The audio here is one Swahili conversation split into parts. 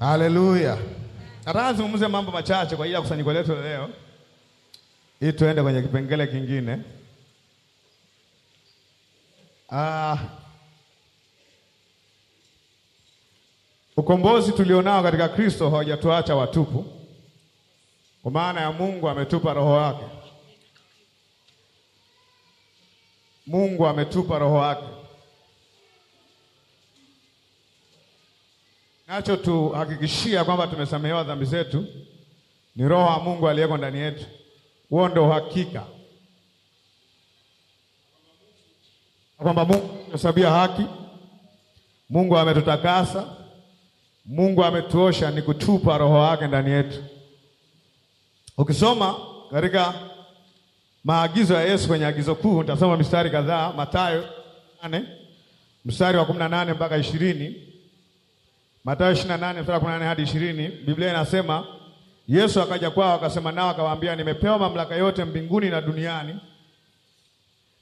Haleluya. Nataka nizungumze mambo machache kwa ajili ya kusanyiko letu leo, ili tuende kwenye kipengele kingine. Ah, ukombozi tulionao katika Kristo haujatuacha watupu, kwa maana ya Mungu ametupa roho wake. Mungu ametupa roho wake Kinachotuhakikishia kwamba tumesamehewa dhambi zetu ni Roho wa Mungu aliyeko ndani yetu. Huo ndio uhakika kwamba Mungu ametusabia haki, Mungu ametutakasa, Mungu ametuosha, ni kutupa roho wake ndani yetu. Ukisoma katika maagizo ya Yesu kwenye agizo kuu, nitasoma mistari kadhaa, Mathayo 8 mstari wa 18 mpaka ishirini. Mathayo 28:18 hadi 20, Biblia inasema Yesu akaja kwao akasema nao akawaambia, nimepewa mamlaka yote mbinguni na duniani.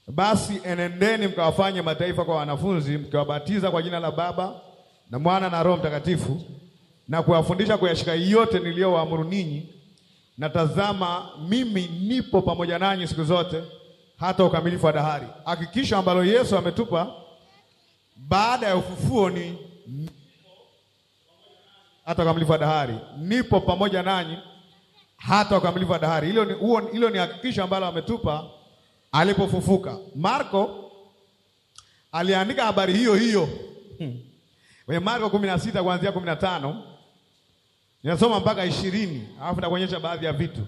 Basi enendeni mkawafanye mataifa kwa wanafunzi, mkiwabatiza kwa jina la Baba na Mwana na Roho Mtakatifu, na kuwafundisha kuyashika yote niliyowaamuru ninyi, na tazama, mimi nipo pamoja nanyi siku zote hata ukamilifu wa dahari. Hakikisho ambalo Yesu ametupa baada ya ufufuo ni hata kwa mlivu wa dahari, nipo pamoja nanyi hata kwa mlivu wa dahari. Hilo ni, huo, hilo ni hakikisho ambalo ametupa alipofufuka. Marko aliandika habari hiyo hiyo kwenye hmm. Marko kumi na sita kuanzia kumi na tano ninasoma mpaka ishirini alafu nakuonyesha baadhi ya vitu.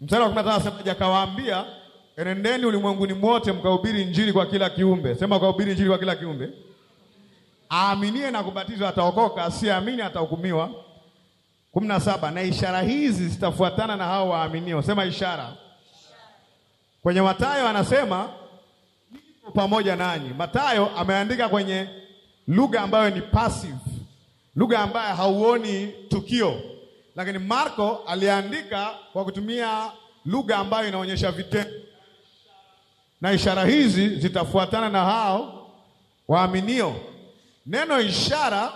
Mstari wa kumi na tano asemaje? Akawaambia, enendeni ulimwenguni mwote mkahubiri Injili kwa kila kiumbe. Sema, ukahubiri Injili kwa kila kiumbe aaminie na kubatizwa ataokoka, asiamini atahukumiwa. kumi na saba. Na ishara hizi zitafuatana na hao waaminio. Sema ishara. Kwenye Mathayo anasema niko pamoja nanyi. Mathayo ameandika kwenye lugha ambayo ni passive, lugha ambayo hauoni tukio, lakini Marko aliandika kwa kutumia lugha ambayo inaonyesha vitendo. Na ishara hizi zitafuatana na hao waaminio Neno ishara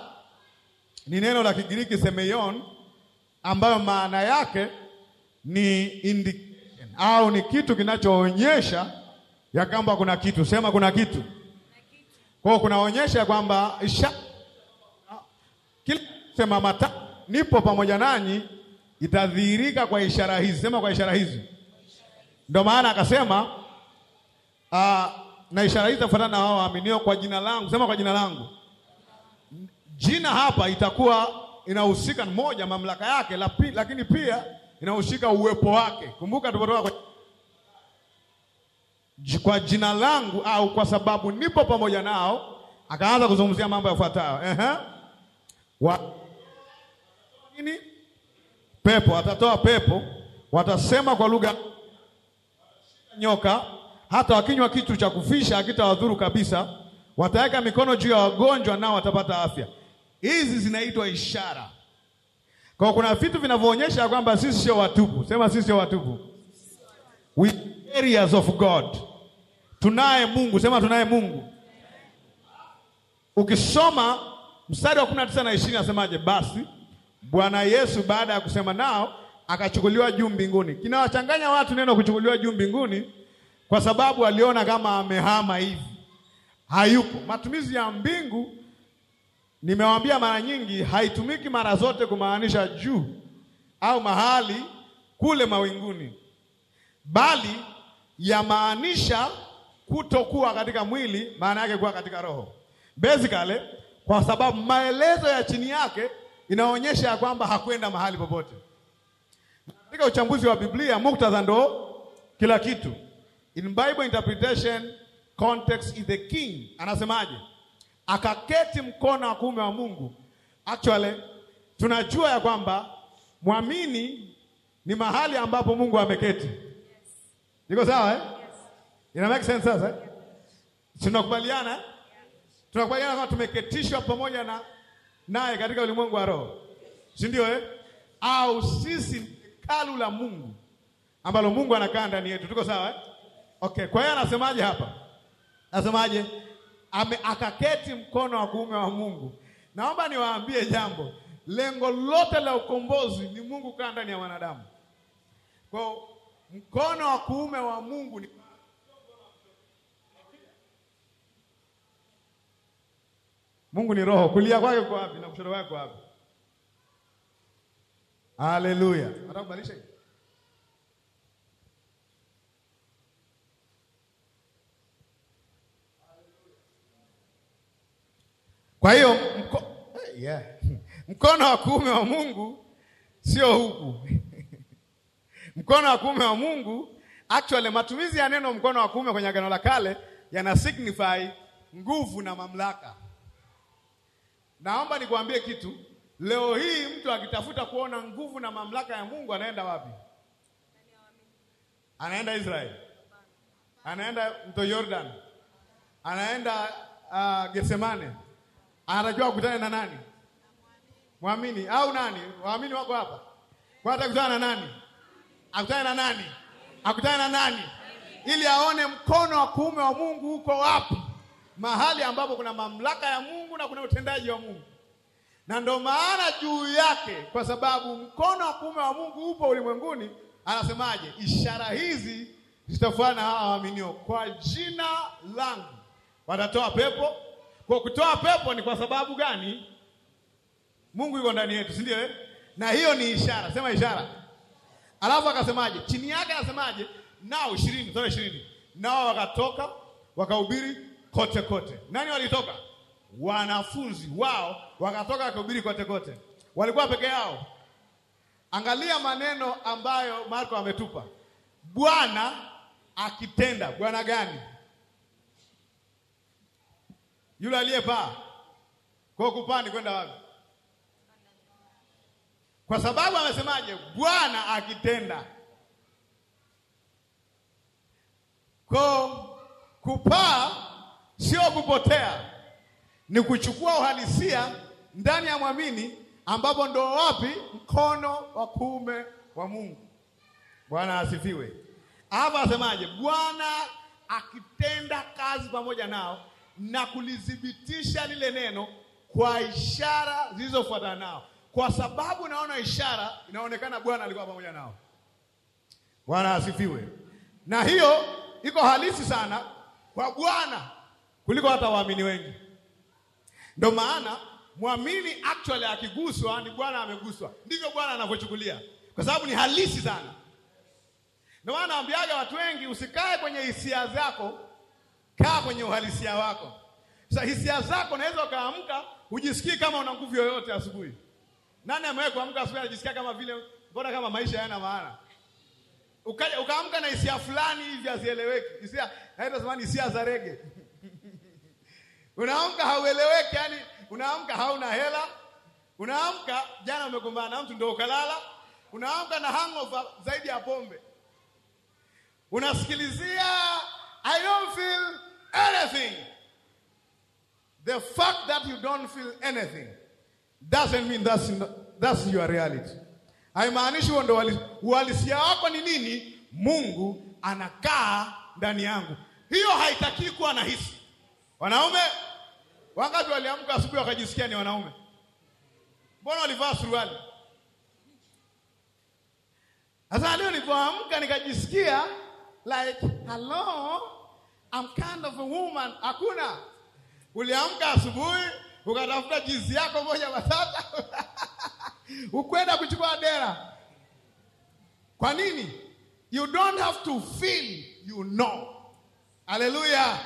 ni neno la Kigiriki semeion, ambayo maana yake ni indication au ni kitu kinachoonyesha ya kwamba kuna kitu. Sema kuna kitu. Kwa hiyo kunaonyesha kwamba isha kila sema mata nipo pamoja nanyi itadhihirika kwa ishara hizi. Sema kwa ishara hizi. Ndio maana akasema, ah, na ishara hizi zitafuatana na hao waaminio kwa jina langu. Sema kwa jina langu Jina hapa itakuwa inahusika moja, mamlaka yake lapi, lakini pia inahusika uwepo wake. Kumbuka tulipotoka kwa jina langu au kwa sababu nipo pamoja nao, akaanza kuzungumzia mambo yafuatayo. Ehe, wa nini? Pepo, atatoa pepo, watasema kwa lugha, nyoka, hata wakinywa kitu cha kufisha hakitawadhuru kabisa, wataweka mikono juu ya wagonjwa nao watapata afya. Hizi zinaitwa ishara. Kwa kuna vitu vinavyoonyesha kwamba sisi sio watupu. Sema sisi sio watupu. We areas of God. Tunaye Mungu. Sema tunaye Mungu. Ukisoma mstari wa 19 na 20 anasemaje? Basi Bwana Yesu baada ya kusema nao akachukuliwa juu mbinguni. Kinawachanganya watu neno kuchukuliwa juu mbinguni kwa sababu aliona kama amehama hivi. Hayupo. Matumizi ya mbingu nimewambia mara nyingi, haitumiki mara zote kumaanisha juu au mahali kule mawinguni, bali yamaanisha kutokuwa katika mwili, maana yake kuwa katika roho basically, kwa sababu maelezo ya chini yake inaonyesha ya kwamba hakwenda mahali popote. Katika uchambuzi wa Biblia, muktadha ndo kila kitu. In Bible interpretation, context is the king. Anasemaje? akaketi mkono wa kuume wa Mungu. Actually tunajua ya kwamba mwamini ni mahali ambapo Mungu ameketi. Niko sawa eh? Ina make sense sasa? Eh? Tunakubaliana? Eh? Tunakubaliana kwamba tumeketishwa pamoja na naye katika ulimwengu wa roho, si ndio eh? Au sisi hekalu la Mungu ambalo Mungu anakaa ndani yetu. Tuko sawa eh? Okay, kwa hiyo anasemaje hapa? Anasemaje? ame, akaketi mkono wa kuume wa Mungu. Naomba niwaambie jambo, lengo lote la ukombozi ni Mungu kaa ndani ya wanadamu. Kwa mkono wa kuume wa Mungu ni Mungu ni roho, kulia kwake kwa wapi na kushoto kwake kwa wapi? Haleluya, atakubalisha Kwa hiyo mko, eh, yeah. Mkono wa kuume wa Mungu sio huku. Mkono wa kuume wa Mungu actually, matumizi ya neno mkono wa kuume kwenye Agano la Kale yana signify nguvu na mamlaka. Naomba nikuambie kitu leo hii, mtu akitafuta kuona nguvu na mamlaka ya Mungu anaenda wapi? Anaenda Israeli, anaenda mto Jordan, anaenda uh, Getsemane anatakiwa kukutana na nani? Mwamini au nani? Waamini wako hapa, kwa atakutana na nani? Akutane na nani? Akutane na nani? Ili aone mkono wa kuume wa Mungu uko wapi, mahali ambapo kuna mamlaka ya Mungu na kuna utendaji wa Mungu na ndo maana juu yake, kwa sababu mkono wa kuume wa Mungu upo ulimwenguni. Anasemaje? ishara hizi zitafuana hawa waaminio, kwa jina langu watatoa pepo kwa kutoa pepo ni kwa sababu gani? Mungu yuko ndani yetu, si ndio? Eh? na hiyo ni ishara. Sema ishara. Alafu akasemaje? Chini yake anasemaje? Nao ishirini, sura ishirini, nao wakatoka wakahubiri kote kote. Nani walitoka? Wanafunzi wao wakatoka wakahubiri kote kote. Walikuwa peke yao? Angalia maneno ambayo Marko ametupa, Bwana akitenda. Bwana gani? Yule aliyepaa kwa kupani kwenda wapi? Kwa sababu amesemaje? Bwana akitenda Kwa kupaa sio kupotea, ni kuchukua uhalisia ndani ya mwamini, ambapo ndo wapi? Mkono wa kuume wa Mungu. Bwana asifiwe. Hapa asemaje? Bwana akitenda kazi pamoja nao na kulithibitisha lile neno kwa ishara zilizofuatana nao, kwa sababu naona ishara inaonekana Bwana alikuwa pamoja nao. Bwana asifiwe. Na hiyo iko halisi sana kwa Bwana kuliko hata waamini wengi. Ndio maana mwamini actually akiguswa ni Bwana ameguswa, ndivyo Bwana anavyochukulia, kwa sababu ni halisi sana. Ndio maana naambiaga watu wengi, usikae kwenye hisia zako Kaa kwenye uhalisia wako. Sasa hisia zako naweza ukaamka ujisikii kama una nguvu yoyote asubuhi. Nani amewahi kuamka asubuhi anajisikia kama vile mbona kama maisha hayana maana? Ukaja ukaamka na hisia fulani hivi hazieleweki. Hisia naita zamani hisia za rege. Unaamka haueleweki, yani unaamka hauna hela. Unaamka jana umekumbana na mtu ndio ukalala. Unaamka na hangover zaidi ya pombe. Unasikilizia I don't feel anything, the fact that you don't feel anything doesn't mean that's, not, that's your reality. Haimaanishi huo ndo uhalisia wako ni nini. Mungu anakaa ndani yangu, hiyo haitakii kuwa na hisi. Wanaume wangapi waliamka asubuhi wakajisikia ni wanaume? Mbona walivaa suruali? Sasa leo nilipoamka nikajisikia like hello I'm kind of a woman. Hakuna. Uliamka asubuhi ukatafuta jinsi yako moja matata ukwenda kuchukua dera. Kwa nini? You don't have to feel, you know. Haleluya,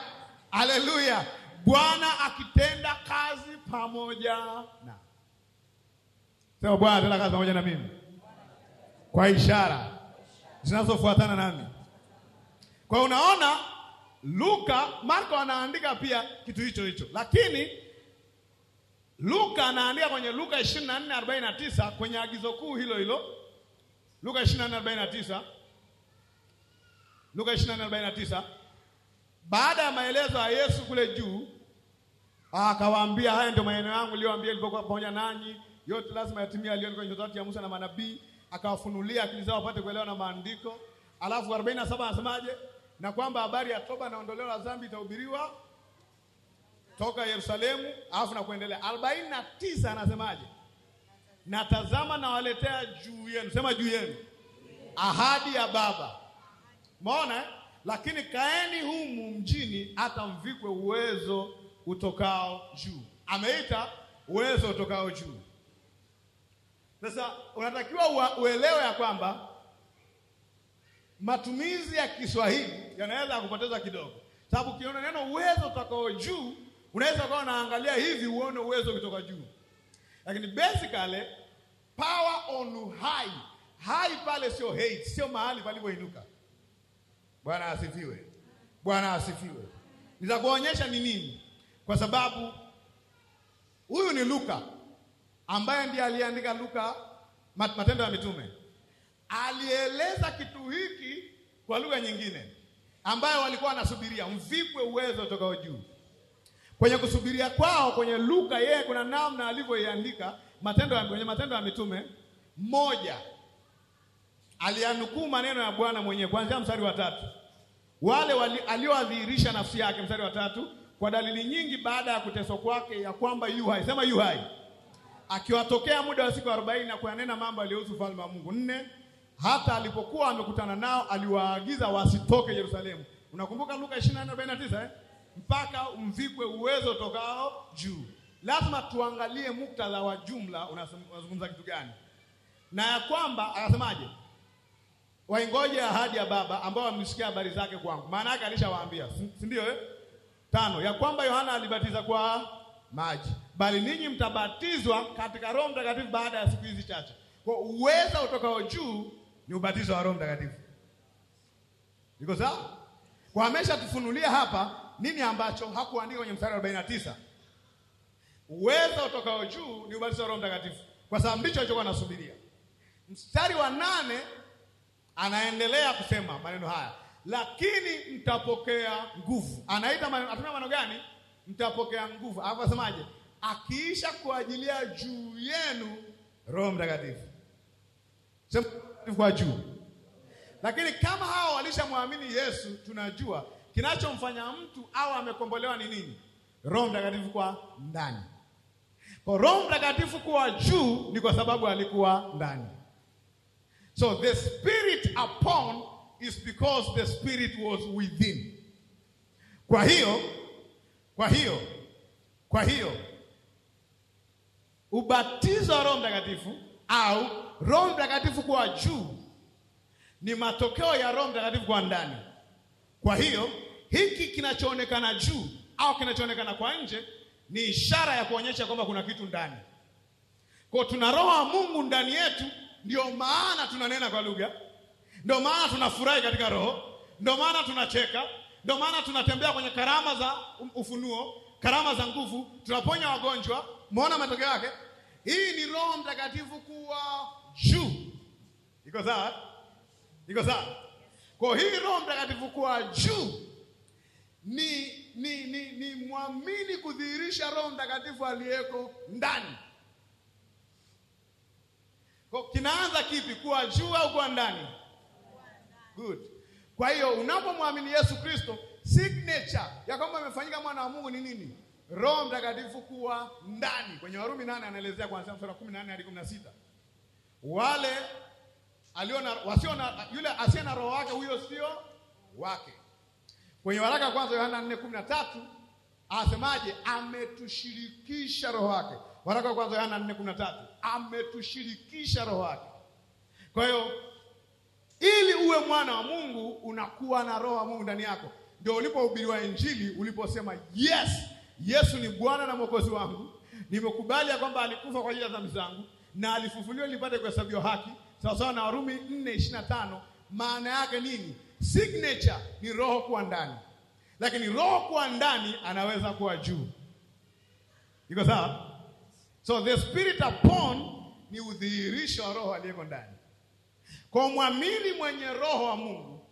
haleluya. Bwana akitenda kazi pamoja na sema, Bwana atenda kazi pamoja na mimi kwa ishara zinazofuatana nami. Kwa unaona Luka, Marko anaandika pia kitu hicho hicho, lakini Luka anaandika kwenye Luka 24:49 kwenye agizo kuu hilo hilo, Luka 24:49, Luka 24:49. Baada ya maelezo ya Yesu kule juu, akawaambia haya ndio maneno yangu niliyowaambia nilipokuwa pamoja nanyi, yote lazima yatimie aliyo kwenye Torati ya Musa na manabii. Akawafunulia akili zao wapate kuelewa na maandiko. Alafu 47 anasemaje? na kwamba habari ya toba na ondoleo la dhambi itahubiriwa toka Yerusalemu alafu na kuendelea. arobaini na tisa anasemaje? Na tazama nawaletea juu yenu, sema juu yenu, ahadi ya Baba. Maona, eh? lakini kaeni humu mjini hata mvikwe uwezo utokao juu. Ameita uwezo utokao juu. Sasa unatakiwa uelewe ya kwamba matumizi ya Kiswahili yanaweza kupoteza kidogo, sababu ukiona neno uwezo utakao juu, unaweza ukawa unaangalia hivi uone uwezo kutoka juu, lakini basically power on high high pale sio hate, sio mahali palipoinuka. Bwana asifiwe, Bwana asifiwe. Nitakuonyesha ni nini, kwa sababu huyu ni Luka ambaye ndiye aliandika Luka Matendo ya Mitume alieleza kitu hiki kwa lugha nyingine ambayo walikuwa wanasubiria, mvikwe uwezo utokao juu. Kwenye kusubiria kwao, kwenye Luka yeye kuna namna alivyoiandika matendo, kwenye Matendo ya Mitume moja aliyanukuu maneno ya Bwana mwenyewe kuanzia mstari wa tatu wale alioadhihirisha nafsi yake, mstari wa tatu kwa dalili nyingi baada ya kuteswa kwake, ya kwamba yu hai, sema yu hai, akiwatokea muda wa siku arobaini na kuyanena mambo aliyohusu ufalme wa Mungu. Nne, hata alipokuwa amekutana nao aliwaagiza wasitoke Yerusalemu. Unakumbuka Luka 24:49 eh? Mpaka mvikwe uwezo tokao juu. Lazima tuangalie muktadha wa jumla unazungumza kitu gani, na ya kwamba anasemaje, waingoje ahadi ya Baba ambao wamesikia habari zake kwangu. Maana yake alishawaambia, si ndio eh? Tano, ya kwamba Yohana alibatiza kwa maji, bali ninyi mtabatizwa katika Roho Mtakatifu baada ya siku hizi chache. Kwa uweza utokao juu ni ubatizo wa Roho Mtakatifu. Iko sawa? Kwa ameshatufunulia hapa nini ambacho hakuandika kwenye mstari wa tisa Uwezo utokao juu ni ubatizo wa Roho Mtakatifu, kwa sababu ndicho alichokuwa anasubiria. Mstari wa nane anaendelea kusema maneno haya, lakini mtapokea nguvu. Anaita maneno, atumia maneno gani? Mtapokea nguvu, alafu asemaje? Akiisha kuajilia juu yenu Roho Mtakatifu wa juu. Lakini kama hao walishamwamini Yesu, tunajua kinachomfanya mtu au amekombolewa ni nini? Roho Mtakatifu kwa ndani. Kwa Roho Mtakatifu kuwa juu ni kwa sababu alikuwa ndani. So the spirit upon is because the spirit was within. Kwa hiyo, kwa hiyo, kwa hiyo ubatizo wa Roho Mtakatifu au Roho Mtakatifu kwa juu ni matokeo ya Roho Mtakatifu kwa ndani. Kwa hiyo hiki kinachoonekana juu au kinachoonekana kwa nje ni ishara ya kuonyesha kwamba kuna kitu ndani. Kwa tuna roho wa Mungu ndani yetu, ndio maana tunanena kwa lugha, ndio maana tunafurahi katika roho, ndio maana tunacheka, ndio maana tunatembea kwenye karama za ufunuo, karama za nguvu, tunaponya wagonjwa. Muona matokeo yake, hii ni Roho Mtakatifu kuwa juu. Iko sawa? Iko sawa? Kwa hii Roho Mtakatifu kuwa juu ni ni ni, ni mwamini kudhihirisha Roho Mtakatifu aliyeko ndani. Kwa kinaanza kipi? Kuwa juu au kuwa ndani? Good. Kwa hiyo unapomwamini Yesu Kristo, signature ya kwamba amefanyika mwana wa Mungu ni nini? Roho Mtakatifu kuwa ndani. Kwenye Warumi nane anaelezea kuanzia mstari wa nne hadi sita wale aliona wasio na yule asiye na roho wake, huyo sio wake. Kwenye waraka wa kwanza Yohana 4:13 asemaje Ametushirikisha roho wake. Waraka wa kwanza Yohana 4:13 ametushirikisha roho wake. Kwa hiyo ili uwe mwana wa Mungu unakuwa na roho wa Mungu ndani yako, ndio ulipohubiriwa Injili, uliposema yes, Yesu ni Bwana na Mwokozi wangu, nimekubali ya kwamba alikufa kwa ajili ya dhambi zangu na alifufuliwa ili pate kuhesabiwa haki, sawasawa na Warumi 4:25. Maana yake nini? Signature ni roho kuwa ndani, lakini roho kuwa ndani anaweza kuwa juu. Iko sawa? So the spirit upon ni udhihirisho wa roho aliyeko ndani. Kwa mwamini mwenye roho wa Mungu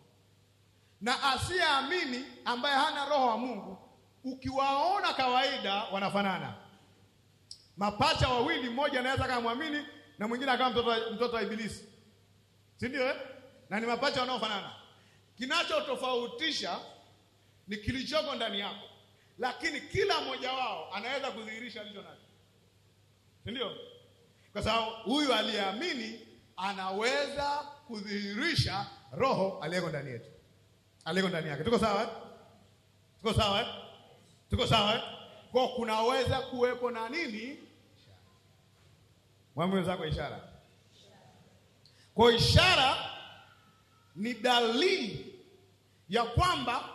na asiyeamini ambaye hana roho wa Mungu, ukiwaona kawaida wanafanana mapacha wawili, mmoja anaweza kama mwamini na mwingine akawa mtoto, mtoto wa Ibilisi, si ndio eh? na ni mapacha wanaofanana. Kinachotofautisha ni kilichoko ndani yako, lakini kila mmoja wao anaweza kudhihirisha alicho nacho, si ndio? Kwa sababu huyu aliyeamini anaweza kudhihirisha roho aliyeko ndani yetu, aliyeko ndani yake. Tuko sawa eh? Tuko sawa eh? Tuko sawa eh? Kwa kunaweza kuwepo na nini Mwambie mwenzako ishara. Kwa ishara ni dalili ya kwamba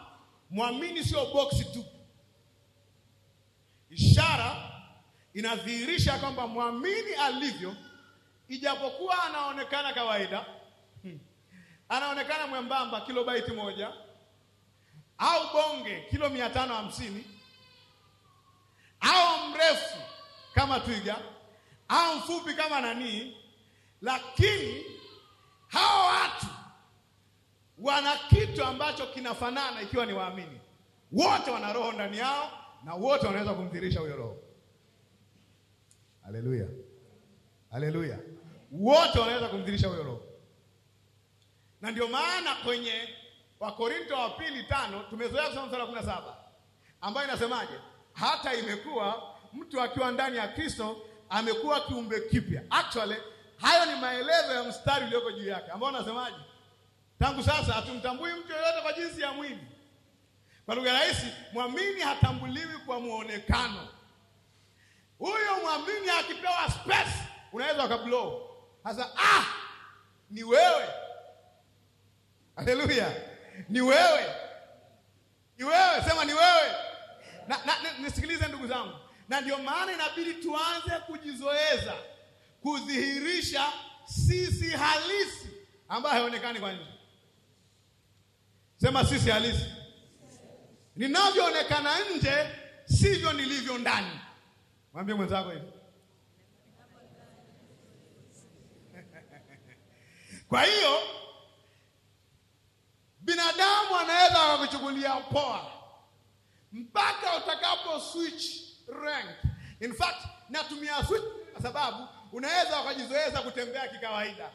mwamini sio boksi tu. Ishara inadhihirisha kwamba mwamini alivyo, ijapokuwa anaonekana kawaida, hmm, anaonekana mwembamba kilobaiti moja au bonge kilo mia tano hamsini au mrefu kama twiga au mfupi kama nani, lakini hao watu wana kitu ambacho kinafanana, ikiwa ni waamini wote wana roho ndani yao na wote wanaweza kumdhirisha huyo roho. Haleluya, haleluya! Wote wanaweza kumdhirisha huyo roho, na ndio maana kwenye Wakorinto wa pili tano tumezoea kusoma mstari wa kumi na saba ambayo inasemaje? Hata imekuwa mtu akiwa ndani ya Kristo amekuwa kiumbe kipya. Actually hayo ni maelezo ya mstari ulioko juu yake, ambao unasemaje? Tangu sasa hatumtambui mtu yoyote kwa jinsi ya mwili. Kwa lugha rahisi, mwamini hatambuliwi kwa muonekano. Huyo mwamini akipewa space, unaweza ukablow sasa. Ah, ni wewe. Haleluya, ni wewe, ni wewe. Sema ni wewe na, na, nisikilize ndugu zangu na ndio maana inabidi tuanze kujizoeza kudhihirisha sisi halisi ambayo haionekani kwa nje. Sema sisi halisi. Ninavyoonekana nje sivyo nilivyo ndani. Mwambie mwenzako hivi. Kwa hiyo binadamu anaweza akakuchukulia poa mpaka utakapo switch rank. In fact natumia switch kwa sababu unaweza ukajizoeza kutembea kikawaida,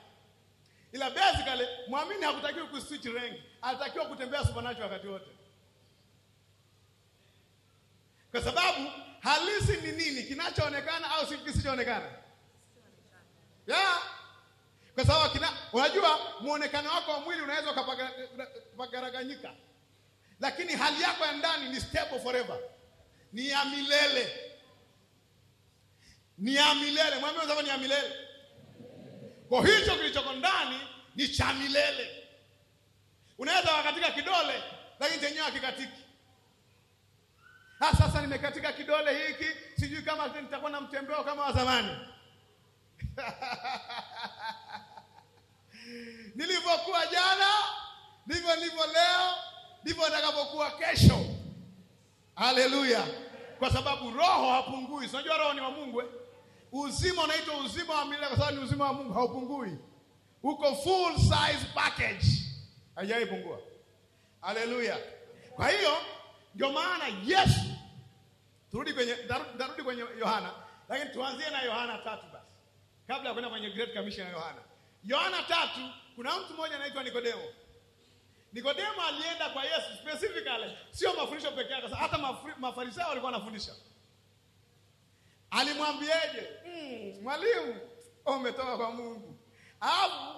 ila basically muamini hakutakiwi kuswitch rank, anatakiwa kutembea supernatural wakati wote, kwa sababu halisi ni nini kinachoonekana au kisichoonekana, yeah. Kwa sababu kina, unajua muonekano wako wa mwili unaweza ukapagaraganyika, eh, eh, eh, lakini hali yako ya ndani ni stable forever ni ya milele, ni ya milele. Mwambie wenzako ni ya milele. Kwa hicho kilichoko ndani ni cha milele. Unaweza wakatika kidole, lakini chenyewe hakikatiki. Ah, sasa nimekatika kidole hiki, sijui kama nitakuwa na mtembeo kama wa zamani nilivyokuwa jana ndivyo nilivyo leo, ndivyo nitakapokuwa kesho. Haleluya, kwa sababu roho hapungui. Unajua roho ni wa Mungu eh? Uzima unaitwa uzima wa milele kwa sababu ni uzima wa Mungu, haupungui. Uko full size package, haijawahi pungua. Haleluya! Kwa hiyo ndio maana Yesu, turudi kwenye, darudi kwenye Yohana, lakini tuanzie na Yohana tatu basi, kabla ya kwenda kwenye Great Commission ya Yohana. Yohana tatu, kuna mtu mmoja anaitwa Nikodemo Nikodemo alienda kwa Yesu specifically, sio mafundisho peke yake, hata mafarisayo walikuwa wanafundisha. Alimwambieje? Mm, mwalimu oh, umetoka kwa Mungu. Alafu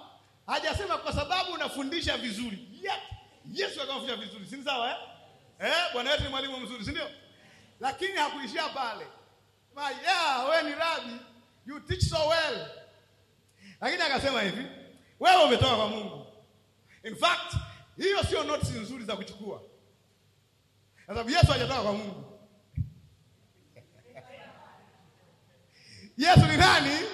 hajasema kwa sababu unafundisha vizuri. Yep. Yesu akamfundisha vizuri, si sawa eh? Eh, Bwana wetu ni mwalimu mzuri, si ndio? Lakini hakuishia pale. Ma, yeah, wewe ni rabi, you teach so well. Lakini akasema hivi, wewe umetoka kwa Mungu. In fact, hiyo sio notisi nzuri za kuchukua, kwa sababu Yesu hajatoka kwa Mungu. Yesu ni nani?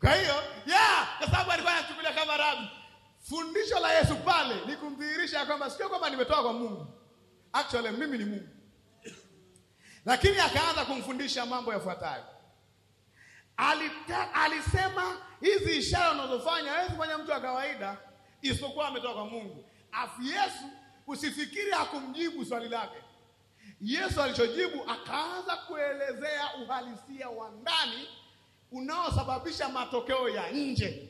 Kwa hiyo yeah, kwa sababu alikuwa anachukulia kama rabi. Fundisho la Yesu pale ni kumdhihirisha ya kwamba sio kwamba nimetoka kwa Mungu, actually mimi ni Mungu. Lakini akaanza kumfundisha mambo yafuatayo. alisema hizi ishara unazofanya hawezi kufanya mtu wa kawaida isipokuwa ametoka kwa Mungu. Afu Yesu usifikiri hakumjibu swali lake. Yesu alichojibu, akaanza kuelezea uhalisia wa ndani unaosababisha matokeo ya nje,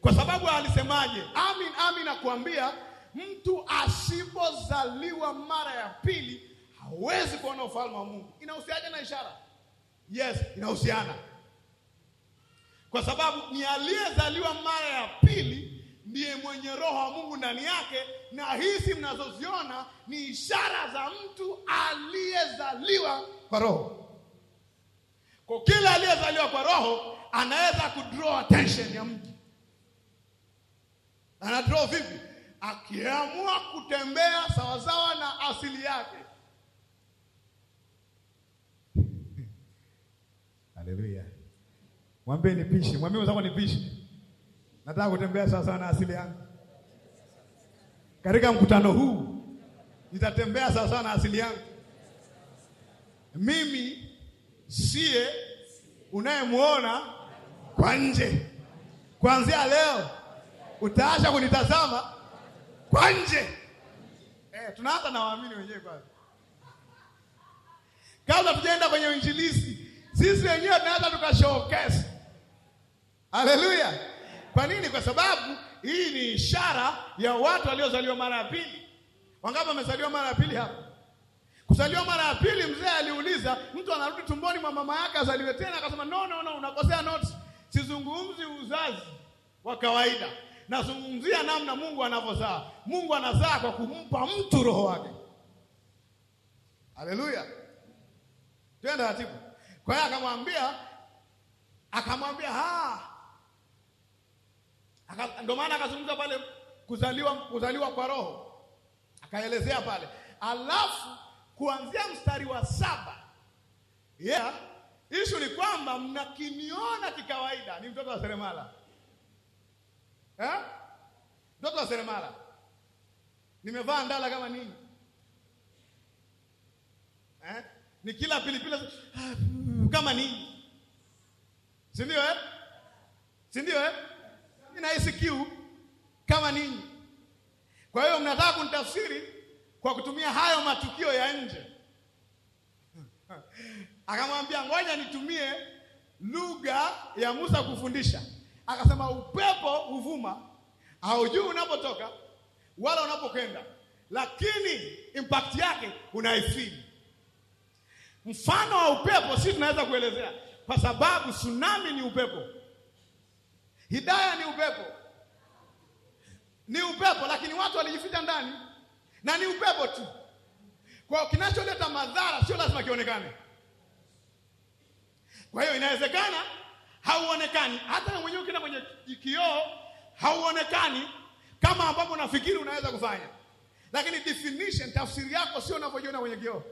kwa sababu alisemaje? Amin, amin nakuambia, mtu asipozaliwa mara ya pili hawezi kuona ufalme wa Mungu. Inahusiana na ishara? Yes, inahusiana kwa sababu ni aliyezaliwa mara ya pili ndiye mwenye roho wa Mungu ndani yake, na hizi mnazoziona ni ishara za mtu aliyezaliwa kwa roho. Kwa kila aliyezaliwa kwa roho anaweza kudraw attention ya mtu. Anadraw vipi? Akiamua kutembea sawasawa na asili yake Mwambie nipishe, mwambie mwenzako pishi Nataka kutembea sawasawa na asili yangu. Katika mkutano huu nitatembea sawasawa na asili yangu. Mimi siye unayemwona kwa nje. Kuanzia leo utaacha kunitazama kwa nje. Eh, tunaanza na waamini wenyewe kwanza. Kabla tujaenda kwenye uinjilisti, sisi wenyewe tunaanza tukashowcase Haleluya! Kwa nini? Kwa sababu hii ni ishara ya watu waliozaliwa mara ya pili. Wangapi wamezaliwa mara ya pili hapa? Kuzaliwa mara ya pili, mzee aliuliza, mtu anarudi tumboni mwa mama yake azaliwe tena? Akasema no, no, no, unakosea notes. Sizungumzi uzazi wa kawaida, nazungumzia namna Mungu anavyozaa. Mungu anazaa kwa kumpa mtu roho wake. Haleluya, twende taratibu. Kwa hiyo akamwambia, akamwambia ah ndio maana akazungumza pale kuzaliwa, kuzaliwa kwa roho akaelezea pale, alafu kuanzia mstari wa saba yeah. Ishu ni kwamba mnakiniona kikawaida ni mtoto wa seremala eh? Mtoto wa seremala, nimevaa ndala kama nini eh? ni kila pilipili ah, kama nini, si ndio eh? si ndio eh? na kiu kama ninyi. Kwa hiyo mnataka kunitafsiri kwa kutumia hayo matukio ya nje. Akamwambia, ngoja nitumie lugha ya Musa kufundisha. Akasema, upepo huvuma, haujui unapotoka wala unapokwenda, lakini impact yake unaifili. Mfano wa upepo, si tunaweza kuelezea, kwa sababu tsunami ni upepo Hidaya ni upepo, ni upepo, lakini watu walijificha ndani, na ni upepo tu. Kwa hiyo kinacholeta madhara sio lazima kionekane. Kwa hiyo inawezekana hauonekani, hata na mwenyewe ukina kwenye kioo hauonekani kama ambavyo unafikiri unaweza kufanya, lakini definition, tafsiri yako sio unavyojiona kwenye kioo.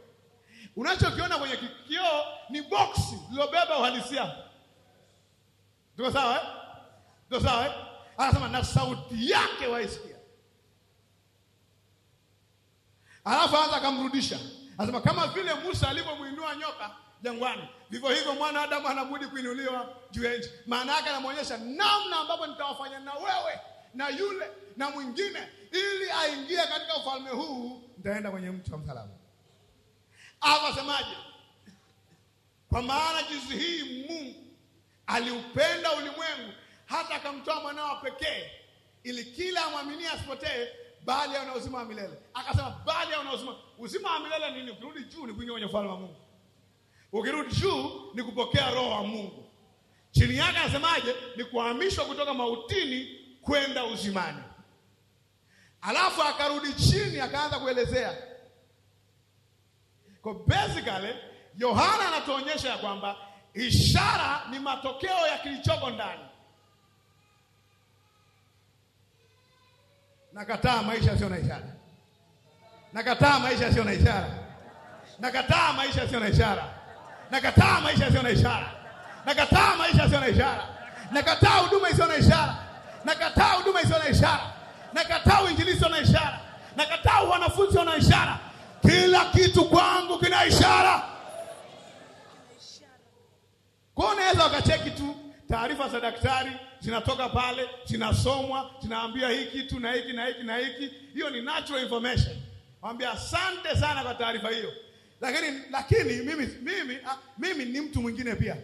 Unachokiona kwenye kioo ni boksi lilobeba uhalisia. Tuko sawa eh? Ndio sawa eh? Anasema na sauti yake waisikia. Alafu anza akamrudisha, anasema kama vile Musa alivyomwinua nyoka jangwani, vivyo hivyo mwana Adamu anabudi kuinuliwa juu ya nchi. Maana yake anamwonyesha namna ambapo nitawafanya na wewe na yule na mwingine, ili aingie katika ufalme huu, nitaenda kwenye mti wa msalaba. Alafu asemaje? Kwa maana jinsi hii Mungu aliupenda ulimwengu hata akamtoa mwanao pekee ili kila amwamini asipotee bali ana uzima wa milele. Akasema bali ana uzima. Uzima wa milele nini? Ukirudi juu ni kuingia kwenye ufalme wa Mungu. Ukirudi juu ni kupokea roho wa Mungu. Chini yake anasemaje? Ni kuhamishwa kutoka mautini kwenda uzimani. Alafu akarudi chini akaanza kuelezea. Kwa basically Yohana anatuonyesha ya kwamba ishara ni matokeo ya kilichoko ndani. Nakataa maisha yasiyo na ishara. Nakataa maisha yasiyo na ishara. Nakataa maisha yasiyo na ishara. Nakataa maisha yasiyo na ishara. Nakataa maisha yasiyo na ishara. Nakataa huduma isiyo na ishara. Nakataa huduma isiyo na ishara. Nakataa uinjilisti isiyo na ishara. Nakataa wanafunzi wana ishara. Kila kitu kwangu kina ishara. Kwa unaweza ukacheki tu taarifa za daktari zinatoka pale, zinasomwa, zinaambia hii kitu na hiki na hiki na hiki. Hiyo ni natural information. Mwambia asante sana kwa taarifa hiyo, lakini lakini mimi, mimi, a, ah, mimi ni mtu mwingine pia,